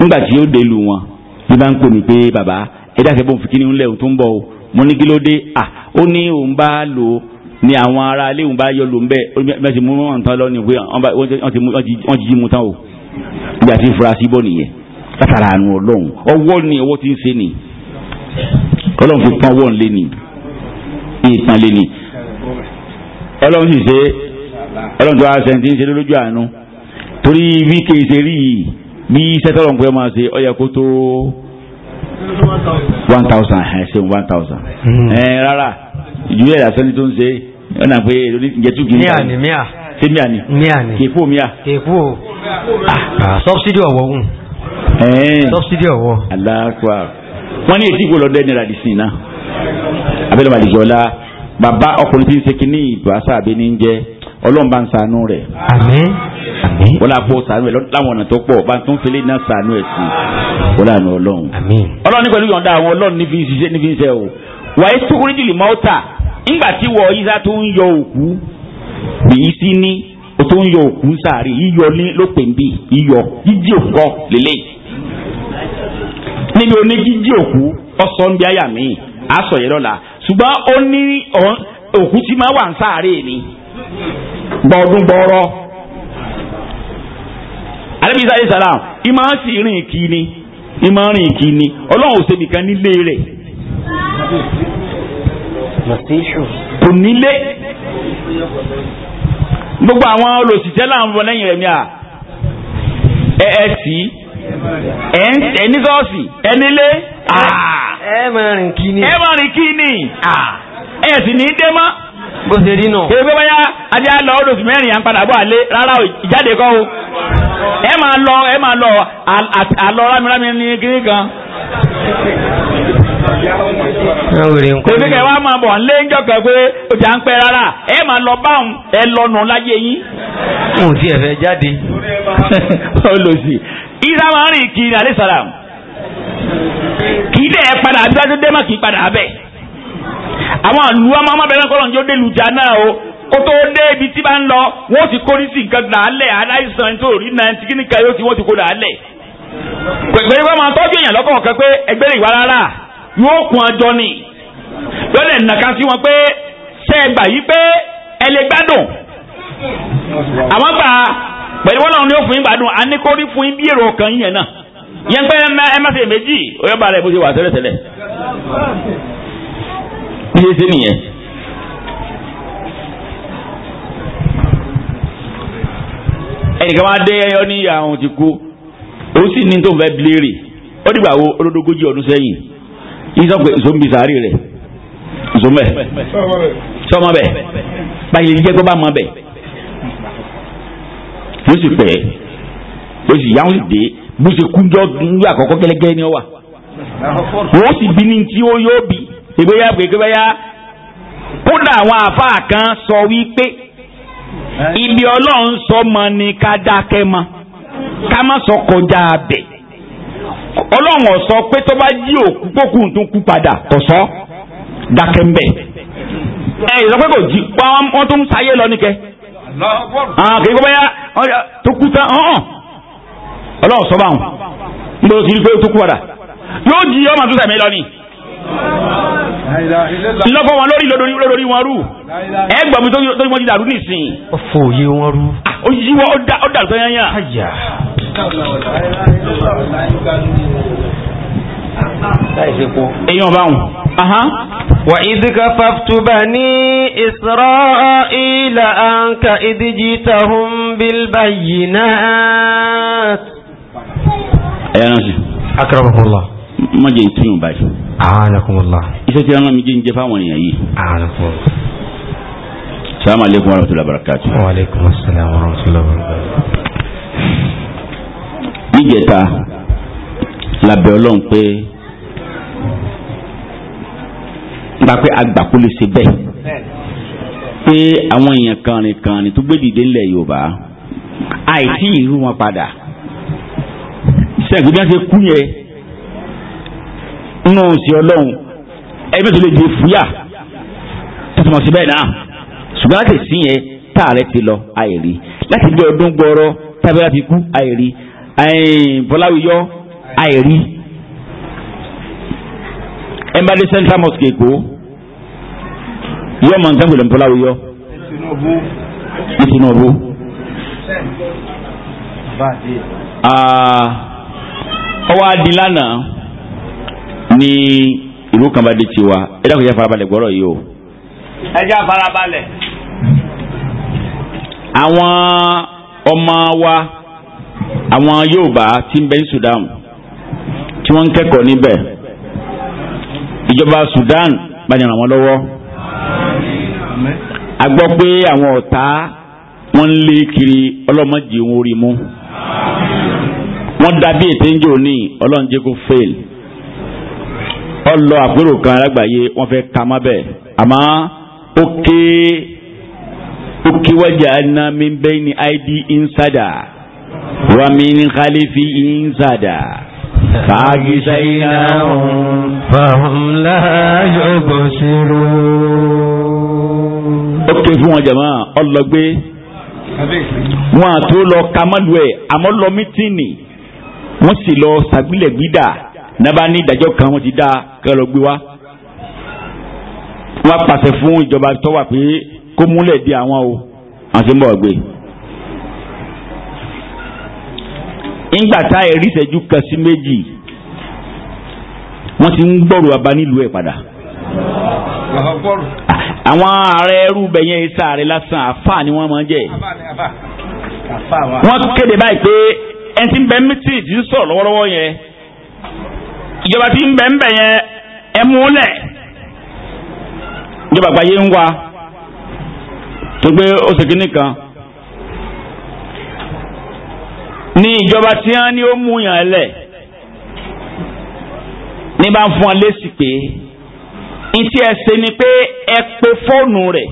nígbà tí yóò dé lu wọn bí bá ń pè mí pé bàbá ẹ dáṣẹ bó ń fi kíní ńlẹ̀ òun tó ń bọ̀ o mo ní kí ló dé à ó ní òun bá lò ó ni àwọn ará ilé òun bá yọ lò ń bẹ ó ní ti mú wọn tán lọ́nìí pé wọ́n ti jí mu tán o nígbà tí furasí bọ̀ nìyẹn látara àánú ọlọ́run ọwọ́ ni ọwọ́ ti ń ṣe ni ọlọ́run fi pọ́n ọwọ́ ń lé ni ìpọ́n lé ni ọlọ́run sì ṣe ọlọ́run tó wá sẹ́ńtì ń ṣe lójú àánú torí bí kèé ṣe rí yìí bí iṣẹ́ tọ́lọ̀ ń pẹ́ máa ṣe ó kó tó one thousand ẹ̀ ṣe one thousand hmm. ẹ̀ rárá ìdílé ìdásẹ́ ni tó ń ṣe ó nà pé ìjẹ́tù kìíní. ni míà. ni. míà ni. kéèkó míà. Ah, subsidy ọ̀wọ́ wù. subsidy ọ̀wọ́. aláàkúà wọ́n ní èsì ìgbò lọ́dọ̀ ẹni ràdìsìn náà abẹ́lẹ́ màdìjọ́lá bàbá ọkùnrin tí ń ṣe kínní ìbáṣà àbí ní ń jẹ́ ọlọ́run bá ń ṣàánú rẹ̀. àmín. àmín. wọ́n lápò ṣàánú rẹ̀ láwọn ọ̀nà tó pọ̀ bá ń tún fele náà ṣàánú ẹ̀ sí i wọ́n lànà ọlọ́run. àmín. ọlọ́run ní pẹ̀lú yọ̀ǹda àwọn ọlọ́run ní fi ṣiṣẹ́ ní fi ṣiṣẹ́ o wàá sukuri jìlì mọ́tà ńgbà tí wọ yíṣà tó ń yọ òkú bìí sí ní o tó ń yọ òkú sáré yíyọ ní lópè ń bì yíyọ jíjí òkú lélẹ̀ níbi oní jíjí òkú ọsàn ni gbọ̀ọ́dún gbọ́ọ́rọ́ alẹ́bí isa alayhi ìmọ̀ á sì rìn kí ni ìmọ̀ rìn kí ni ọlọ́run ò nìkan nílé rẹ̀ kò nílé gbogbo àwọn là ń bọ̀ lẹ́yìn rẹ̀ à ẹ ẹ ẹ ẹ máa rìn kí ni bó ṣe rí nù. kèrè pé báyà adé àlọ́ oṣù mẹ́rin padà rárá ìjáde kọ́ o. ẹ máa lọ ẹ máa lọ àlọ́ ní kan. kèrè kẹ́ wá máa bọ̀ lé ńjọ́ kan pé ọjà ń pẹ́ rárá ẹ máa lọ báwọn ẹ lọ́nà láyé yín. mo ti ẹ̀fẹ̀ jáde. olùsí *laughs* isa máa ń rìn kiri alẹ́ padà bí dé má padà bẹ́ẹ̀. àwọn àlù amámábẹ́rẹ́ kọ́lọ̀ ní ó dé lùjà náà o tó dé ibi tí bá ń lọ wọ́n ti kórìí sí nǹkan dàálẹ̀ aláìsàn tó rí náà ti kan yóò ti wọ́n ti kó dàálẹ̀ pẹ̀lú máa tọ́jú èèyàn pé ẹgbẹ́ ìwà rárá yóò kun ọjọ́ ni lọ́lẹ̀ nàka sí wọn pé ṣe é gbà yí pé ẹ lè àwọn gbà pẹ̀lú wọn náà ni ó fún yín gbádùn a fún yín ọkàn bí ṣe ṣe nìyẹn. ẹnìkan wá dé ẹyọ ní àwọn ti kú ó sì ní tó ń fẹ́ bìlérì ó dìgbà wo olódógójì ọdún sẹ́yìn ìsọ̀pẹ̀ ìsọ̀mbìsárì rẹ̀ ìsọ̀mẹ̀ sọ́mọ bẹ̀ báyìí lè jẹ́ bá mọ bẹ̀ ó sì pẹ́ ó sì yáwó sì dé bó ṣe kúnjọ́ nígbà àkọ́kọ́ gẹ́lẹ́gẹ́lẹ́ ni ó wà wọ́n sì bí ní tí ó yóò bí ìgbéyà pé gbéyà kódà àwọn àáfàá kan sọ wípé ibi ọlọ́run sọ mọ ni ká dákẹ́ mọ ká má sọ kọjá abẹ ọlọ́run ò sọ pé tó bá jí òkú kókù tó kú padà kò sọ dákẹ́ ń bẹ̀ ẹ ìsọ pé kò jí wọn tó ń sáyé lọ nìkẹ́ kì í kó báyà tó kú tán ọlọ́run sọ báwọn ń bọ̀ sí tó kú padà yóò jí ọmọ tó sẹ̀mí lọ ni lọ́fọ́ wọn lórí lórí wọn rú ẹgbọ̀n mi tó yí wọn dàrú nìsín. ọ̀fọ̀ òye wọn rú. Ah, ó yí wọn ó dàrú sẹ́yìn. àyà. èèyàn bá wọn. وإذ كففت بني إسرائيل عنك إذ جئتهم بالبينات أكرمكم الله má jẹ́ ntúnyò báyìí. anakumula. iṣẹ́ tí wọ́n mi jẹ́ ń jẹ́ fáwọn èèyàn yìí. anakumula. salamu aleykum wa rahmatulahi wa barakatu. wa aleykum salaam wa rahmatulahi wa barakatu. níjẹta labẹ́ ọlọ́run pé nípa pé agbàkú lè ṣe bẹ́ẹ̀ pé àwọn èèyàn kànrìnkànrìn tó gbé dìde ńlẹ̀ Yorùbá àìsí ìrú wọn padà sẹ́gun bí wọ́n ṣe kú yẹn nínú sí ọlọ́run ẹbí tó lè di fúyà tuntun mọ̀ sí bẹ́ẹ̀ náà ṣùgbọ́n láti sí yẹn tá a rẹ ti lọ àìrí láti bí ọdún gbọrọ tábí láti kú àìrí bọ́láwíyọ́ àìrí ẹnbàdé central mosque èkó yọ mọ̀ nǹkan pẹ̀lú bọ́láwíyọ́ ní Tinubu. ọwọ́ adìlánà. Ah, ní ìlú kan bá dé tiwa ẹ dákun jẹ́ farabalẹ̀ gbọ́rọ̀ yìí o. ẹ jẹ́ farabalẹ̀. àwọn ọmọ wa àwọn Yorùbá tí ń bẹ ní Sudan tí wọ́n ń kẹ́kọ̀ọ́ níbẹ̀ ìjọba Sudan bá ní ràn wọ́n lọ́wọ́ a gbọ́ pé àwọn ọ̀tá wọ́n ń lé kiri ọlọ́mọdé wọn orí mú wọ́n dàbí ètè ń jò ní ọlọ́run jẹ́ ọlọ àpérò kan alágbàáyé wọ́n fẹ́ ka má bẹ́ẹ̀ àmọ́ ó ké ó ké wájà iná mi bẹ́ẹ̀ ni id insada wàmí ní khalifi insada. فعجزيناهم فهم لا يبصرون ó ké fún wọn jàmá ọlọgbé wọn àti ó lọ kamadu ẹ àmọ́ lọ mítìnì wọ́n sì lọ sàgbìlẹgbìdà nàbà ní ìdájọ́ kan wọ́n ti dá kẹ́ lọ gbé wá. wọ́n pàṣẹ fún ìjọba tó wà pé kó múlẹ̀ di àwọn o àti ń bọ̀ gbé. ńgbà tá ẹ̀rí ìṣẹ́jú kan sí méjì wọ́n ti ń gbọ́rò bàbá nílùú ẹ̀ padà. àwọn ààrẹ ẹrú bẹ̀yẹn ẹ̀sà ààrẹ lásán àfà ni wọ́n máa ń jẹ́. wọ́n kéde báyìí pé ẹni tí ń bẹ mítì ti sọ̀rọ̀ lọ́wọ́lọ́wọ́ yẹn ìjọba tí ń bẹ̀ ń bẹ̀ yẹn ẹ múlẹ̀ ìjọba àgbáyé ń wa tó gbé oṣù kìíní kan ní ìjọba tí wọ́n ní ó mú yàn lẹ̀ ní bá ń fún ọ lésì pé ntí ẹ ṣe ni pé ẹ pe fóònù rẹ̀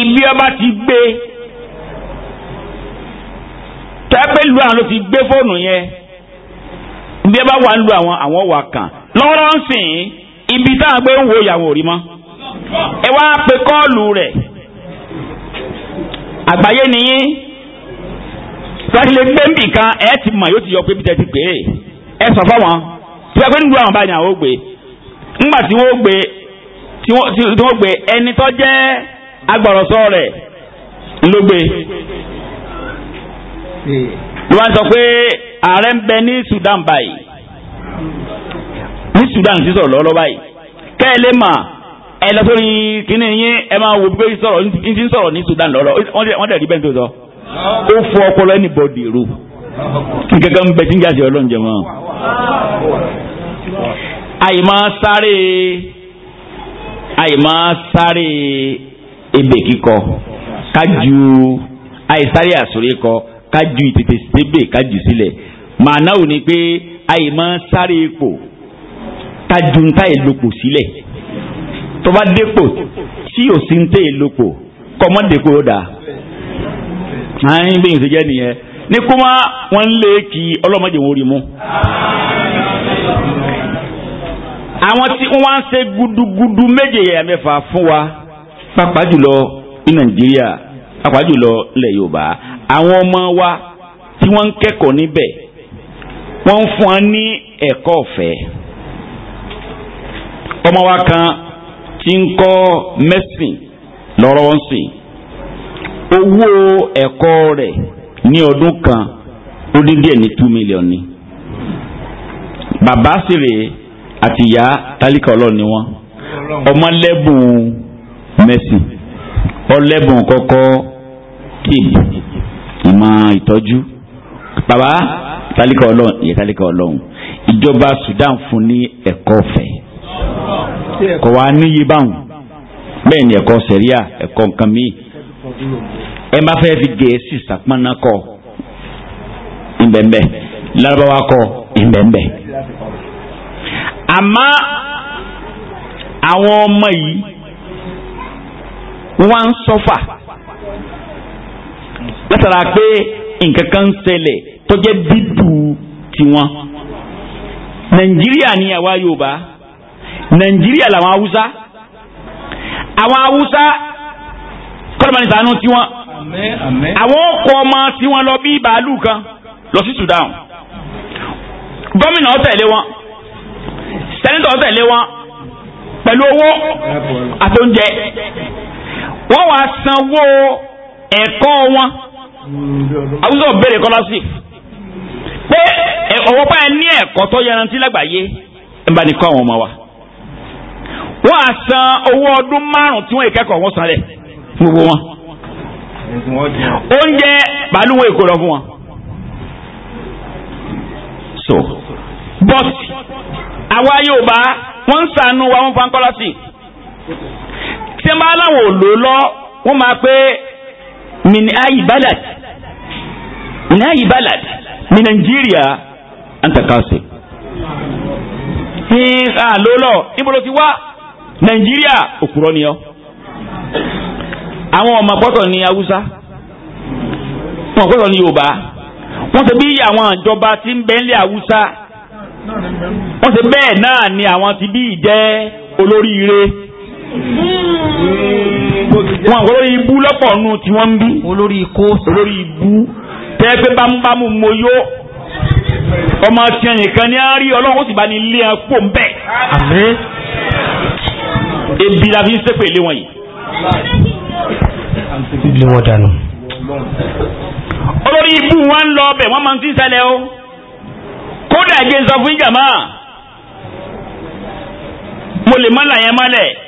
ilé ọba ti gbé tẹ́pẹ́lú àwọn ló ti gbé fóònù yẹn. bí ẹ bá wà ń lu àwọn àwọn wà kàn ń sìn ibi tá a gbé ń wo ìyàwó rí mọ́ ẹ wá pe kọ́ọ̀lù rẹ̀ àgbáyé gbé ẹ ti mọ̀ yóò ti yọ pé bí pè ẹ sọ fáwọn tí wọ́n pé ń lu àwọn báyìí àwọn ńgbà tí wọ́n gbé tí wọ́n ààrẹ ń bẹ ní Sudan báyìí ní Sudan sí sọ̀rọ̀ lọ́wọ́ báyìí kẹ́ ẹ lè mà ẹ lọ sórí kíní yín ẹ máa wo bí sọ̀rọ̀ ní ti ń sọ̀rọ̀ ní Sudan lọ́rọ̀ wọ́n dẹ̀ rí bẹ́ẹ̀ tó sọ ó fọ ọpọlọ ẹni bọ̀dì rú nkankan ń bẹ tí ń jáde ọlọ́njẹ mọ́ àyìnbá sáré àyìnbá sáré ebè kíkọ kájú àyìnsáré àsòrí kọ kájú ìtètè sébè kájú sílẹ̀ màánà ò ní pé àìmọ́ sáré ipò tájú ń táyè lopò sílẹ̀ tó bá dépò tí ò sí ń téyè lopò kọ́mọ́dékò ó dáa àyìn bí ìṣèjẹ́ nìyẹn ní kó má wọ́n ń lé kí ọlọ́mọdé wọn rí mú. àwọn tí wọ́n ń ṣe gudugudu méje yẹ̀yà mẹ́fà fún wa pàápàá jùlọ ní nàìjíríà àpàjùlọ ilẹ̀ yorùbá àwọn ọmọ wa tí wọ́n ń kẹ́kọ̀ọ́ níbẹ̀ wọ́n ń fún wọn ní ẹ̀kọ́ ọ̀fẹ́ ọmọ wa kan tí ń kọ́ mẹ́sìn lọ́rọ́ ń sìn owó ẹ̀kọ́ rẹ̀ ní ọdún kan ó dín díẹ̀ ní two million ni bàbá sì àtìyá tálíkà ọlọ́ọ̀ni wọn ọmọ lẹ́bùn mẹ́sìn ọlẹ́bùn kọ́kọ́ tib ìmọ̀ ìtọ́jú bàbá tálíkà ọlọ́run ìyẹn tálíkà ọlọ́run ìjọba Sudan fún ní ẹ̀kọ́ ọ̀fẹ́ kò wá níyì báwọn bẹ́ẹ̀ ni ẹ̀kọ́ sẹ̀ríà ẹ̀kọ́ nǹkan míì ẹ má fẹ́ fi gẹ̀ẹ́sì sàpọ́nà kọ ìbẹ̀m̀bẹ̀ lárúbáwá kọ ìbẹ̀m̀bẹ̀ àmọ́ àwọn ọmọ yìí wọ́n ń sọ́fà látara pé nǹkan kan ń ṣẹlẹ̀ tó jẹ́ dídù tiwọn. nàìjíríà ni àwa yorùbá nàìjíríà làwọn haúsá àwọn haúsá kọ́lọ́mọ̀ ní sànú tiwọn àwọn ọkọ̀ ọmọ tiwọn lọ bí bàálù kan lọ sí Sudan gómìnà ọ̀tẹ̀lé wọn sẹ́nitọ̀ ọ̀tẹ̀lé wọn pẹ̀lú owó àti oúnjẹ wọ́n wàá sanwó ẹ̀kọ́ wọn àwùjọ bẹ̀rẹ̀ kọ́lásì pé ọ̀wọ́ pa ẹ ní ẹ̀kọ́ tó yanrantí lágbàáyé ẹ̀ bá ní kọ́ àwọn ọmọ wa wọ́n á san owó ọdún márùn-ún tí wọ́n ìkẹ́kọ̀ọ́ wọn sanlẹ̀ gbogbo wọn oúnjẹ bàálù wọn èkó lọ fún wọn. so but àwa Yorùbá wọ́n ń sànú wa wọ́n fa ń kọ́lásì tí wọ́n bá láwọn ò lọ wọ́n máa pé mini ayi balad mini ayi balad mi nàìjíríà antakasi ní àlólọ níbo ló ti wá nàìjíríà òkúrọ ni ọ àwọn ọmọ gbọ́dọ̀ ní haúsá wọn gbọ́dọ̀ ní yorùbá wọ́n ṣe bí àwọn ìjọba tí ń bẹ haúsá wọ́n ṣe bẹ́ẹ̀ náà ni àwọn ti bí ìjẹ́ olóríire. Hmm. wọn kò ibú lọ́pọ̀ nù tí wọ́n ń bí. olórí ikó. olórí ibú tẹ́ pé bámúbámú mo yó ọmọ tiẹ̀ nìkan ní á ọlọ́run ó sì bá ní ilé ẹ kó ń bẹ̀. àmín. ebi la fi ń sépè lé wọn yìí. lé wọn dànù. olórí ibú wọn ń lọ ọbẹ̀ wọ́n máa ń ti ṣẹlẹ̀ o kódà ẹ̀jẹ̀ sọ fún ìjàmbá mo lè má làyẹn má lẹ̀.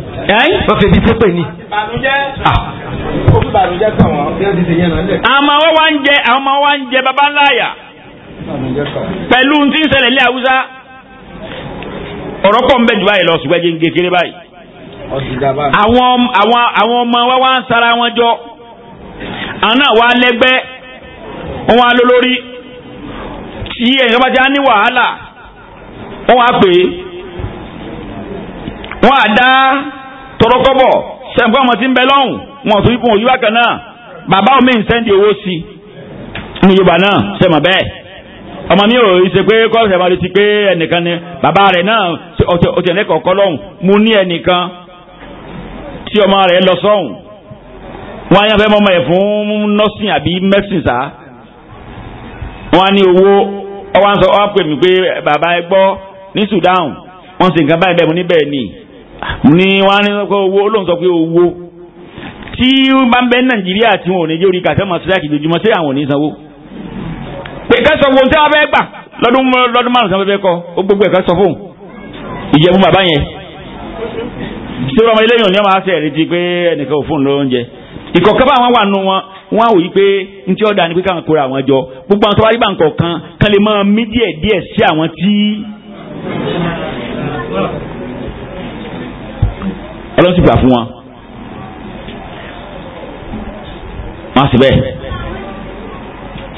wọ́n fi ibi pépè ni. àmọ́ ah. wọ́n wá ń jẹ àwọn ọmọ wa ń jẹ baba ńláyà pẹ̀lú tí ń ṣẹlẹ̀ ní Haúsá ọ̀rọ̀ pọ̀ ń bẹ jù báyìí lọ ṣùgbọ́n ẹ̀jẹ̀ ń gé kéré báyìí. àwọn ọmọ wa wá ń sara wọn jọ àwọn náà wá lẹ́gbẹ́ wọ́n wá lólórí tí ẹ̀yìn bá já ní wàhálà wọ́n wá pè é wọ́n á dá tọrọ kọ́bọ̀ sẹ́ǹkọ́ ọmọ tí ń bẹ lọ́hùn wọn tún fún òyìnbá kan náà bàbá omi ń sẹ́ǹdì owó sí i ní yorùbá náà sẹ́mọ̀ bẹ́ẹ̀ ọmọ mi ò ṣe pé kọ́ ṣẹ̀mọ̀ lè ti pé ẹnìkan ni bàbá rẹ̀ náà ọ̀tẹ̀ ẹ̀lẹ́kọ̀ kọ́ lọ́hùn mo ní ẹnìkan tí ọmọ rẹ̀ lọ sọ́hùn wọn á yàn fẹ́ mọ́mọ ẹ̀ fún nọ́ọ̀sìn àbí mẹ́sìn sá wọn á ní owó ọwọ́ à ń sọ ọ́ pè mí pé bàbá ẹ gbọ́ ní Sudan wọ́n sì nǹkan báyìí bẹ́ẹ̀ mo ní bẹ́ẹ̀ ni ni wọ́n á ní sọ pé owó olóhùn sọ pé owó tí wọ́n bá ń bẹ nàìjíríà tí wọn ò ní jẹ́ orí kàtẹ́ mọ̀ síláàkì lójúmọ́ sí àwọn ò ní sanwó. pé ká sọ wo tí wọ́n fẹ́ gbà lọ́dún lọ́dún márùn-ún sanwó fẹ́ kọ́ ó gbogbo ẹ̀ ká sọ fóun ìjẹ̀bú bàbá yẹn. ṣé ọmọ ilé yòòyàn máa ṣe ẹ̀rí ti pé ẹnìkan ò fóun lóúnjẹ ìkọ̀kọ́ bá wọn wà nù wọn wọn àwòyí pé ntí ọ̀dà ni pé káwọn kóra àwọn jọ gbogbo àwọn tó wáyé bá nǹkan kan kan lè máa mí díẹ̀ sí àwọn tí ọlọ́run sì gbà fún wọn. wọ́n sì bẹ́ẹ̀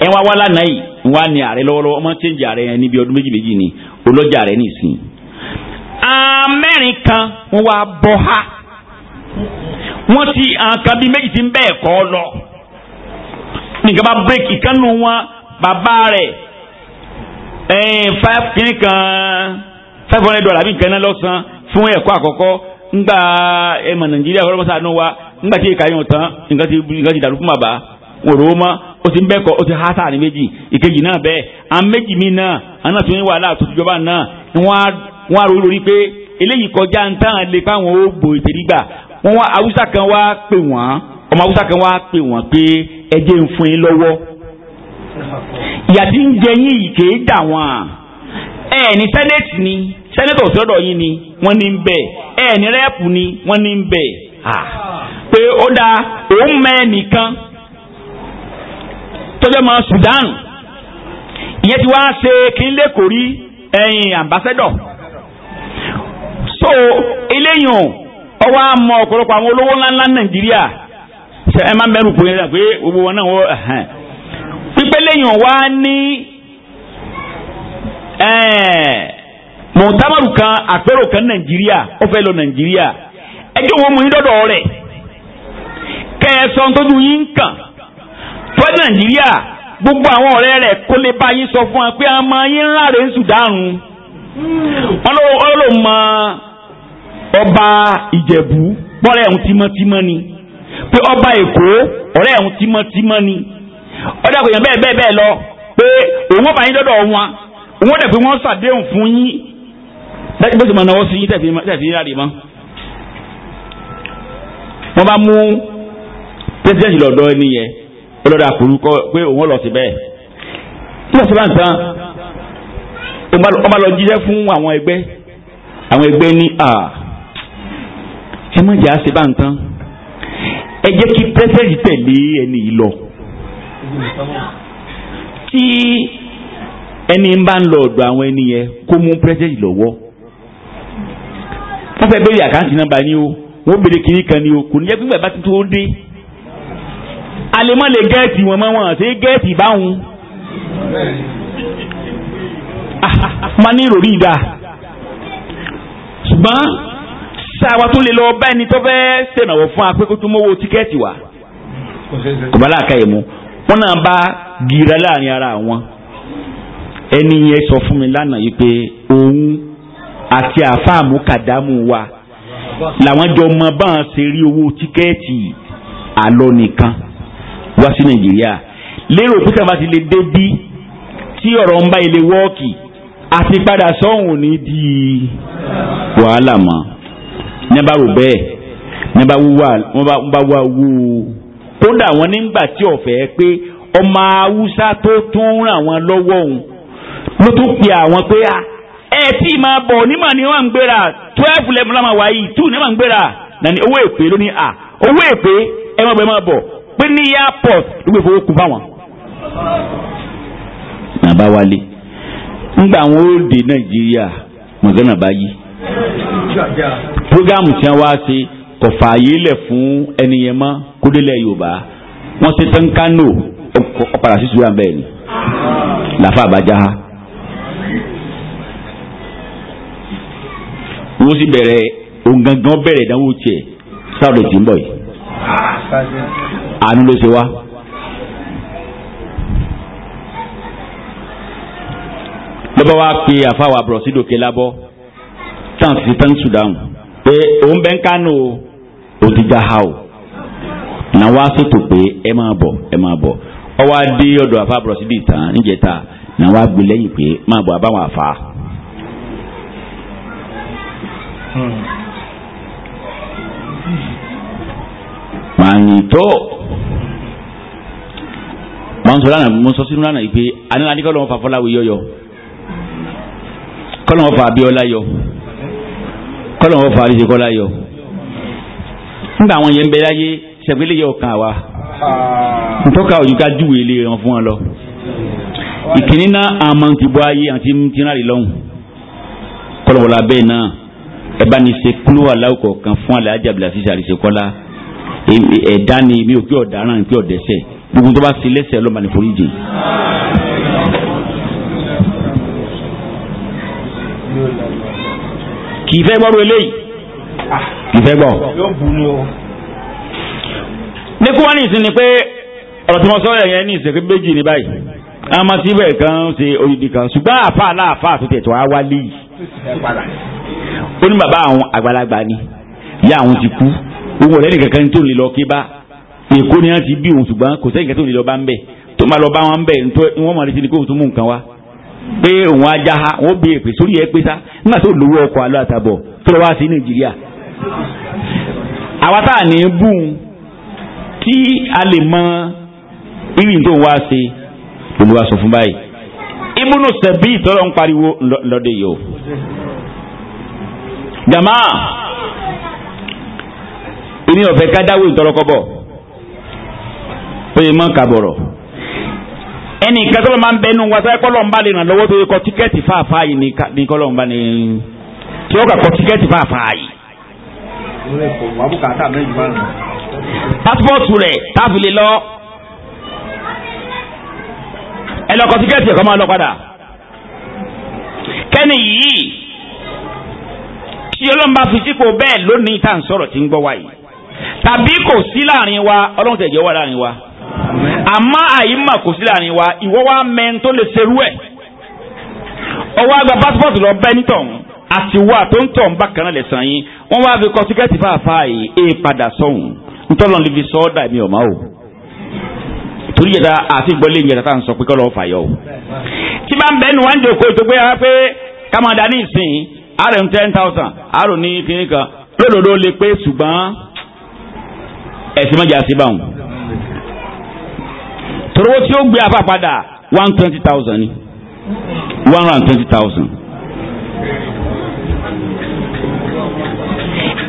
ẹ wá wá lánàá yìí wọ́n á ní ààrẹ lọ́wọ́lọ́wọ́ ọmọ tí ń jà rẹ níbi ọdún méjì méjì ni olójà rẹ nìsín. Amẹ́ríkà wọ́n wá bọ́ ha wọ́n ti àǹkan bíi méjì ti ń bẹ́ẹ̀ kọ́ lọ nìkan bá bírèkì kánú wọn bàbá rẹ̀ ẹ̀ẹ́n five kìnnìkan five hundred dollars àbí nǹkan náà lọ́sàn-án fún ẹ̀kọ́ àkọ́kọ́ ńgbà ẹ̀mọ̀ nàìjíríà ọlọ́mọsá àánú wa ńgbà tí ìka yóò tán nǹkan ti nǹkan ti dàrú fún bàbá wò ló mọ́ ó ti ń bẹ́ẹ̀ kọ́ ó ti hásà ní méjì ìkejì náà bẹ́ẹ̀ àwọn méjì míì náà àwọn náà tún ní wàhálà tó ti jọba náà wọ́n á ròyìn lórí pé eléyìí kọjá ń tán lè pa àwọn ògbò ìtẹ̀rígbà wọ́n wá haúsá kan wá pè wọ́n ọmọ haúsá kan wá pè wọ́n pé ẹjẹ́ ń fún yín lọ́wọ́ ìyà ń jẹ yín yìí kèé dà ní sẹ́nẹ̀tì ni sẹ́nẹ́tọ̀ òsínlọ́dọ̀ ni wọ́n ní bẹ́ẹ̀ ẹ̀ ní rẹ́ẹ̀pù ni wọ́n ní bẹ́ẹ̀ pé ó òun tọ́jọ́ mọ Sudan ìyẹn ti wá ṣe kí n lè kò rí ẹ̀yìn so eléyìn ọwa mọ ọ̀pọ̀lọpọ̀ àwọn olówó ńláńlá Nàìjíríà ẹ má mẹ́rù pé gbogbo wọn náà wọ́n pípẹ́ lẹ́yìn wá ní. mọ̀tàmárù kan àpérò kan nàìjíríà ó fẹ́ lọ nàìjíríà ẹjọ́ wo mú yín dọ́dọ̀ rẹ̀ kẹsàn-án tójú yín nàìjíríà gbogbo àwọn ọ̀rẹ́ rẹ̀ kó lè bá sọ fún wa pé a máa yín ńlá rẹ̀ ń wọn ló ọba ìjẹ̀bú bọ́ọ̀rẹ́ ẹ̀hún tímọ́tímọ́ ni pé ọba èkó ọ̀rẹ́ ẹ̀hún tímọ́tímọ́ ni bẹ́ẹ̀ bẹ́ẹ̀ bẹ́ẹ̀ lọ pé òun yín dọ́dọ̀ wọn òun dẹ̀ pé fún yín bẹ́ẹ̀ bí o ti máa náwó sí yín tẹ̀sí ní àdìmọ́. wọ́n bá mú pẹ́sidẹ́ntì lọ́dọ̀ ẹni yẹn ọlọ́dà kúrú kọ́ pé òun lọ sí bẹ́ẹ̀. nígbà tí wọ́n bá ń tán wọ́n bá lọ jíṣẹ́ fún àwọn ẹgbẹ́ àwọn ẹgbẹ́ ní à ẹ má jẹ́ àṣẹ bá ń tán ẹ jẹ́ kí pẹ́sidẹ́ntì tẹ̀lé ẹni yìí lọ. tí ẹni bá ń lọ ọ̀dọ̀ àwọn ẹni yẹn kó mú pẹ́sidẹ́ntì lọ́wọ́ wọ́n fẹ́ béèrè àkáǹtì nọ́mbà ni o wọ́n béèrè kiri kan ni o kò ní jẹ́ pípẹ́ bá ti tó dé àlèmọ́ lè gẹ́ẹ̀tì wọn mọ́ wọn àti gẹ́ẹ̀tì báwọn ah, ma ní ìròrí ìdá ṣùgbọ́n sáwa tó lè lọ bá ẹni tó fẹ́ ṣèrànwọ́ fún apẹ́kọ́ tó mọ́wọ́ tíkẹ́ẹ̀tì wa kò bá láàka yìí mu wọ́n náà bá gíra láàrin ara wọn ẹni yẹn sọ fún mi lánàá yìí pé òun àti àfáàmù kàdámù wa làwọn jọ mọ báwọn ṣe rí owó tíkẹ́ẹ̀tì àlọ nìkan wá sí nàìjíríà lérò pé sábà ti lè dé bí tí ọ̀rọ̀ ń bá ilé wọ́ọ̀kì àti padà sọ́hùn ní di wàhálà mọ́ ní bá rò bẹ́ẹ̀ ní bá wá wú kódà wọn nígbà tí ọ̀fẹ́ pé ọmọ haúsá tó tún ràn wọn lọ́wọ́ òun ló tún pe àwọn pé ah ẹ tí máa bọ̀ nímọ̀ ni wọ́n ń gbéra twelve eleven lámà wáyé two ni wọ́n ń gbéra nàní owó èpè ló ní à owó èpè ẹ máa bọ̀ ẹ máa bọ̀ pé ní airport ìwé ìfowókù fáwọn. nàbá wálé ńgbà àwọn òde nàìjíríà mọ̀gánà bá programu tí wọ́n wá ṣe kò fààyè lẹ̀ fún ẹni yẹn mọ́ kódélẹ̀ yorùbá wọ́n ṣe tán kánò ọ̀padà sí sùúrù ni làfà àbájá ha. wọ́n sì bẹ̀rẹ̀ òǹgangan bẹ̀rẹ̀ ìdánwò tiẹ̀ sáwọ́dẹ̀ tí ń bọ̀ yìí. àánú ló ṣe wá. lọ́ba wa pe àfàwà àbùrọ̀sí lábọ́ tán tán pé òun bẹ́ ń kánú o ti já ha o náà wá ṣètò pé ẹ máa bọ̀ ẹ máa bọ̀ ọ wá dé ọ̀dọ̀ àfàwà àbùrọ̀sí tán níjẹta náà wá gbé lẹ́yìn pé máa bọ̀ àbáwọn àfàá. mànyìntó wọn sọ lánàá mo sọ sínú lánàá yìí pé anílànà kọ́ lọ́wọ́ fàfọ́lá wo yọyọ kọ́ lọ́wọ́ fà Abíọ́lá yọ kọ́ lọ́wọ́ fà Àríṣekọ́lá yọ nígbà àwọn yẹn ń bẹ láyé sẹ́gbẹ́lẹ́ yọ kàn wá ntọ́ka òyìnká júwe ilé wọn fún wọn lọ ìkíní náà àmọ́ ti bọ́ ayé àti tìǹrà lè lọ́hùn kọ́ bẹ́ẹ̀ náà ẹ bá ní ṣe kúló aláwọ̀ kọ̀ọ̀kan fún aláàjà abdulaziz àríṣekọ́lá ẹ̀dá ni mi ò kí ọ̀daràn mi kí ọ̀dẹ́sẹ̀ gbogbo tó bá ṣe lẹ́sẹ̀ lọ́ọ́ máa ní foríjì. kì í fẹ́ gbọ́rú eléyìí kì í fẹ́ gbọ́. ní kí wọ́n ní ìsinmi pé ọ̀rọ̀ tí wọ́n sọ ẹ̀yẹ ní ìsìnkú méjì ní báyìí àwọn ọmọ síbẹ̀ kan ṣe odidi kan ṣùgbọ́n àfa aláàfáà tó tẹ̀ tó wá wálé ó ní bàbá àwọn àgbàlagbà ni ìyá àwọn ti kú òun ọ̀rẹ́ nìkan kan tó lè lọ kí bá èkó ni wọ́n ti bí òun ṣùgbọ́n kò sẹ́yìn kan tó lè lọ bá ń bẹ̀ tó máa lọ bá wọn bẹ̀ wọ́n máa retí ni kóun tó mú nǹkan wá pé òun ajá ha wọ́n bí èpè sórí ẹ pé sá nígbà tó lówó ọkọ̀ alọ́ àtàbọ̀ tó lọ wá sí Nàìjíríà àwa tá à ní bùn tí a lè mọ ibi tó ń wá ṣe olùwàsàn fún báyìí ibùnú sẹ̀bí ìtọ́lọ́ ń pariwo lọ́dẹ yìí o jàmá èmi ọ̀fẹ́ kádáwó ìtọ́lọ́kọ́bọ̀ pé mọ́ kàbọ̀rọ̀ ẹnì kẹtọ́lọ́ máa ń bẹ nínú wáṣẹ́ kọ́lọ́mbà lè ràn lọ́wọ́ tó yẹ kọ́ tíkẹ́ẹ̀tì fàáfà yìí ní kọ́lọ́mbà ní tí ó kà kọ́ tíkẹ́ẹ̀tì fàáfà yìí. pásítọ̀tù rẹ̀ táàfin lọ ẹ lọ kọ́ tíkẹ́ẹ̀tì ẹ̀kọ́ máa lọ padà kẹ́ni yìí tí ọlọ́run bá fi sípò bẹ́ẹ̀ lónìí tá à ń sọ̀rọ̀ tí ń gbọ́ wa yìí tàbí kò sí láàrin wa ọlọ́run tẹ̀jẹ̀ wà láàrin wa àmọ́ àyímà kò sí láàrin wa ìwọ́ wa mẹ́rin tó lè serú ẹ̀ ọwọ́ àgbà pásítọ̀tù lọ bẹ́ẹ̀ nítọ̀hún àtiwá tó ń tọ̀ ń bá kan náà lẹ̀ sàn yín wọ́n wá fi kọ́ tíkẹ́ẹ̀tì fàáfà yìí é padà sọ̀hún ntọ́lọ́n lè fi sọ ọ́ dà mí ọ̀ma o torí yẹta àti ìgbọ́lé yẹta tá à ń sọ pé kọ́ lọ́ọ́ fàyọ̀ o tí bá ń bẹ́ẹ̀ nù wá ń jòkó ìtòkè àrùn ten thousand àrùn ní kinní kan lódodo lè pé ṣùgbọ́n ẹ̀sìn mọ́jà sí báwọn. torówó tí ó gbé afa padà one twenty thousand ni one hundred and twenty thousand.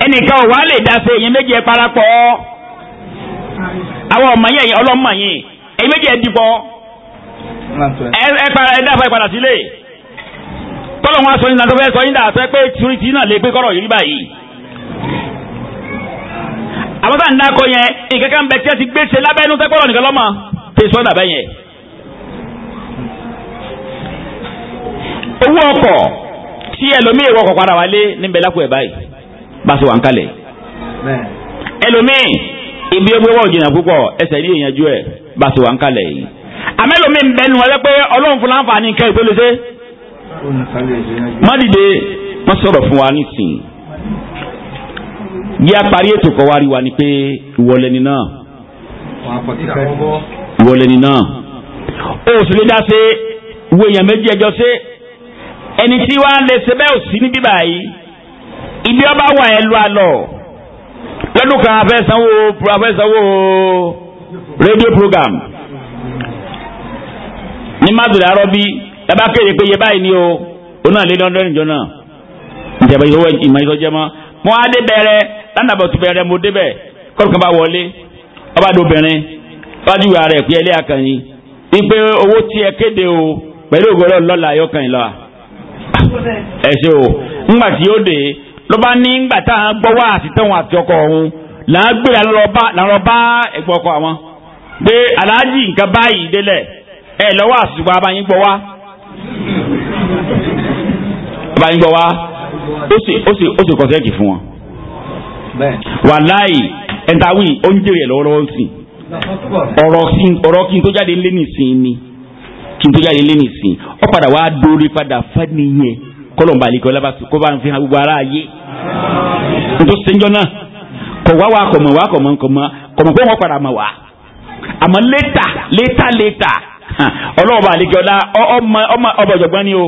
ẹnìkan ò wá lè dá sí èyí méje parapọ̀ àwọn ọmọ yẹn ọlọ́mọ yẹn èyí méje dìbọ̀ ẹ ẹ padà sílé. tọ́lọ̀ wọn aṣọ nílànà tó fẹ́ sọ yín dà sọ pé torí tí náà lè gbé kọ́rọ̀ yìí báyìí. àwọn tá à ń dákọ yẹn nǹkan kan bẹ tí ẹ ti gbèsè lábẹ́nu tẹ́gbọ́rọ̀ nìkan lọ́mọ tẹ sọ́nà bẹ́ yẹn. owó ọkọ̀ tí ẹlòmíì wọkọ̀ padà wálé níbẹ̀ lápò ẹ̀ báyìí bá a sọ wà ń kalẹ̀. ẹlòmíì ibi ewé wọ̀ jìnnà púpọ̀ ẹsẹ̀ ní ìyànjú ẹ̀ bá a wà ń kalẹ̀ yìí. àmẹ́lòmíì ń bẹ́nu ọlọ́pẹ́ má dìde wọ́n sọ̀rọ̀ fún wa nísìnyí yí apari ètò kan wá rí wa ni pé ìwọlẹ́ni náà ìwọlẹ́ni náà ó sì lè dá sí wo èèyàn méjì ẹjọ́ sí ẹni tí wàá lè ṣe bẹ́ẹ̀ sí níbí báyìí ibi ọba wà ẹ lọ àlọ́ lọ́dún kan afẹ́sanwó afẹ́sanwó rédíò program ní madura rọ́bí. dábàá kéde pé iye báyìí ni o ó náà lé lọ́dọ́ ìjọ náà ìjàmbá ìṣòwò ìmọ̀ mọ́ mo á dé bẹ̀rẹ̀ bẹ̀rẹ̀ mo débẹ̀ kọ́ọ̀tù kan bá wọlé ọba ọba pé ẹlẹ́ ipe owó tí ẹ e kéde o pẹ̀lú *laughs* e o ńgbà tí ó dé ló bá ní ńgbà tá à ń gbọ́ wá àti ọ̀hún là ń gbé bá ẹ̀gbọ́n àwọn pé aláàjì nǹkan báyìí délẹ̀ ẹ e lọ́wọ́ abáyín gbọ́ wá bàbá wa, gbọ́ wá ó sì ó sì ó sì kọ́sẹ́ẹ̀kì fún wọn. wàláì ẹ̀ńtà wí oúnjẹ rẹ̀ lọ́wọ́lọ́wọ́ sí ọ̀rọ̀ kí n tó jáde lé nìsín ni kí n tó jáde lé nìsín ó padà wá dórí padà fániyẹn kọlọ̀nba àlekẹ́ ọlá bá kó bá ń fi hàn gbogbo ara yé n tó sẹ́njọ́ náà kọ̀ wá wa kọ̀ wá kọ̀ mọ̀ kọ̀ pé wọ́n padà mọ̀ wá àmọ́ létà létà létà. *laughs* ọlọ́ọ̀bà àlejòlá ọmọ ọmọ ọ̀jọ̀gbọ́n ni o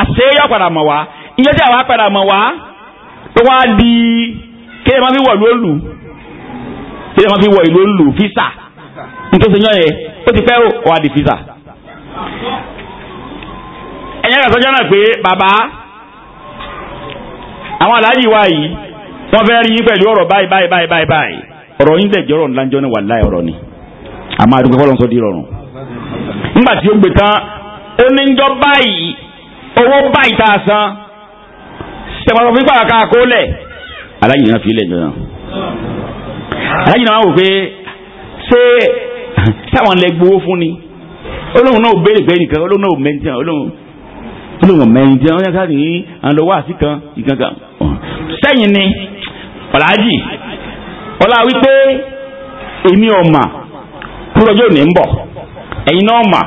àṣeyọ́ padà mọ̀ wá ìyẹn tí àwa padà mọ̀ wá tó wá di kéèyàn máa fi wọ̀ lóòlù kéèyàn máa fi wọ̀ ìlú òòlù nítorí yẹn yẹn ti pẹ́ ó di fisa. ẹ̀yẹ́ rẹ̀ sọ́jọ́ náà pé bàbá àwọn aláàjì wa yìí wọ́n fẹ́ rí yín pẹ̀lú ọ̀rọ̀ báyìí báyìí báyìí báyìí ọ̀rọ̀ yín ńlá ni ọ̀rọ̀ ni àmọ́ àdúgbò nígbà tí ó gbé tán ó ní njọ́ báyìí owó báyìí tá a san sẹ̀pàtàn fún ìpàkà kó lẹ̀ alájì náà fi lẹ̀ jọ náà alájì náà wò pé ṣé táwọn lẹ gbowó fún ni olóhùn náà béèrè pé nìkan olóhùn náà mẹ́ntì náà olóhùn olóhùn mẹ́ntì náà wọ́n yẹ ká ní àlọ́wọ́ àti kan ìkankan sẹ́yìn ni ọ̀làjì ọ̀là wípé èmi ọ̀mà kúrọ̀jọ́ ò ní ń bọ̀ ẹ̀yin náà mà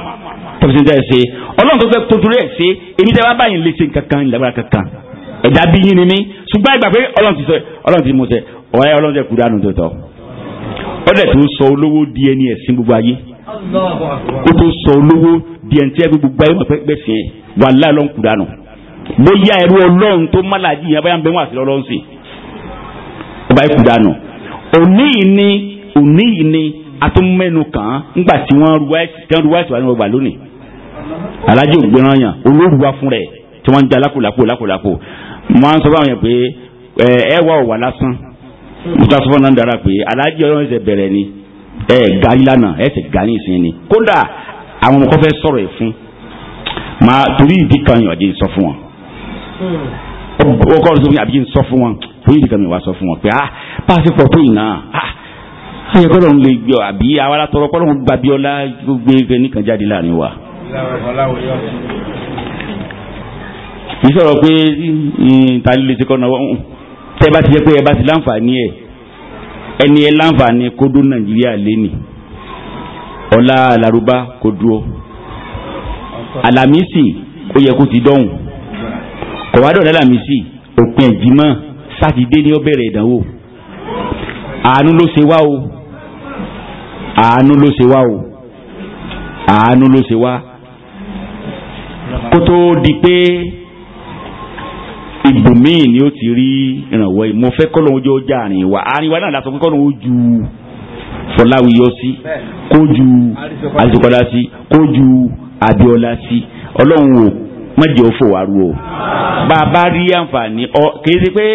tọ́bi tẹ́ ṣe ọlọ́run tó fẹ́ tuntun rẹ̀ ṣe èmi tẹ́ bá báyìí lè ṣe kankan ìlàgbára kankan ẹ̀dá bí yín ni mí ṣùgbọ́n ìgbà pé ọlọ́run ti sọ ọlọ́run ti mú sẹ ọ̀rẹ́ ọlọ́run tẹ̀ kú dánù tó tọ́ ọ dẹ̀ tó sọ olówó di ẹni ẹ̀sìn gbogbo ayé ó tó sọ olówó di ẹni tí ẹ gbogbo ayé wọn pẹ́ fẹ́ wàhálà ọlọ́run kú dánù bóyá ẹrú ọlọ́run tó málàjì yẹn báyà ń bẹ wọn atúmẹ́nu kan ńgbà tí wọ́n ruwa ẹ̀sìn wà ní ọgbà lónìí alájò gbẹran yàn olóòrùwa fún rẹ̀ tí wọ́n ń da lákòlákò lákòlákò mo máa ń sọ fún àwọn yẹn pé ẹ wà ọ̀wà lásán mo ta sọ fún náà dára pé alájò ọlọ́run ẹsẹ̀ bẹ̀rẹ̀ ni ẹ ga ìlànà ẹsẹ̀ ga ní ìsìn ni kódà àwọn ọmọ kan fẹ́ sọ̀rọ̀ fún máa torí ìdí kan yàn àdé sọ fún wọn ọkọ ọdún sọ fún yàn àbí ẹ̀yẹ kọ́ lọ́run lè yọ àbí awara tọrọ kọ́ lọ́run gbàbí ọlá gbé nìkan jáde láàrin wa. kì í sọ̀rọ̀ pé ìtàlẹ́ hmm, lè ṣe kọ́ náà tẹ́ bá ti jẹ́ pé ẹ bá ti láǹfààní ẹ̀ ẹni ẹ láǹfààní kó dún nàìjíríà lẹ́nì ọ̀la làrúbá kò dúró àlàmísì ó yẹ kó ti dọ́hùn kọ̀wádọ̀ lálàmísì òpin ẹ̀jìmọ́ sátidé ni ó bẹ̀rẹ̀ ìdánwò àánú ló ṣe wá o àánú ló ṣe wá o àánú ló ṣe wá kó tó di pé ibòmíì ni ó ti rí ìrànwọ́ yìí mo fẹ́ kọ́ lóun jẹ́ ó já àrìn wa àrìn wa náà la sọ pé kọ́ lóun ju fọláwiyọ sí kó ju àtìkọ́lá sí kó ju abiola sí ọlọ́run wò mọ̀jẹ̀ ó fò wá rú o bá rí àǹfààní ọ kìí ṣe pé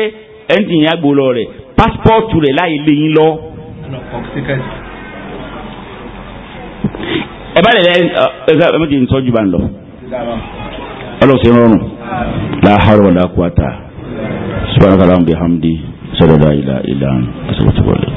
ẹ̀ǹtì yẹn àgbò lọ rẹ̀ pásítọ̀tù rẹ̀ láì lè yín lọ ẹ bá lè lẹ ẹ ká ẹ jẹ ntọ́jú bá ń lọ ọlọ́run ṣe rọrùn la hawla wala quwwata subhanaka allahumma bihamdi sọlọ́dà ilà ilà àti sọlọ́tì wọlé.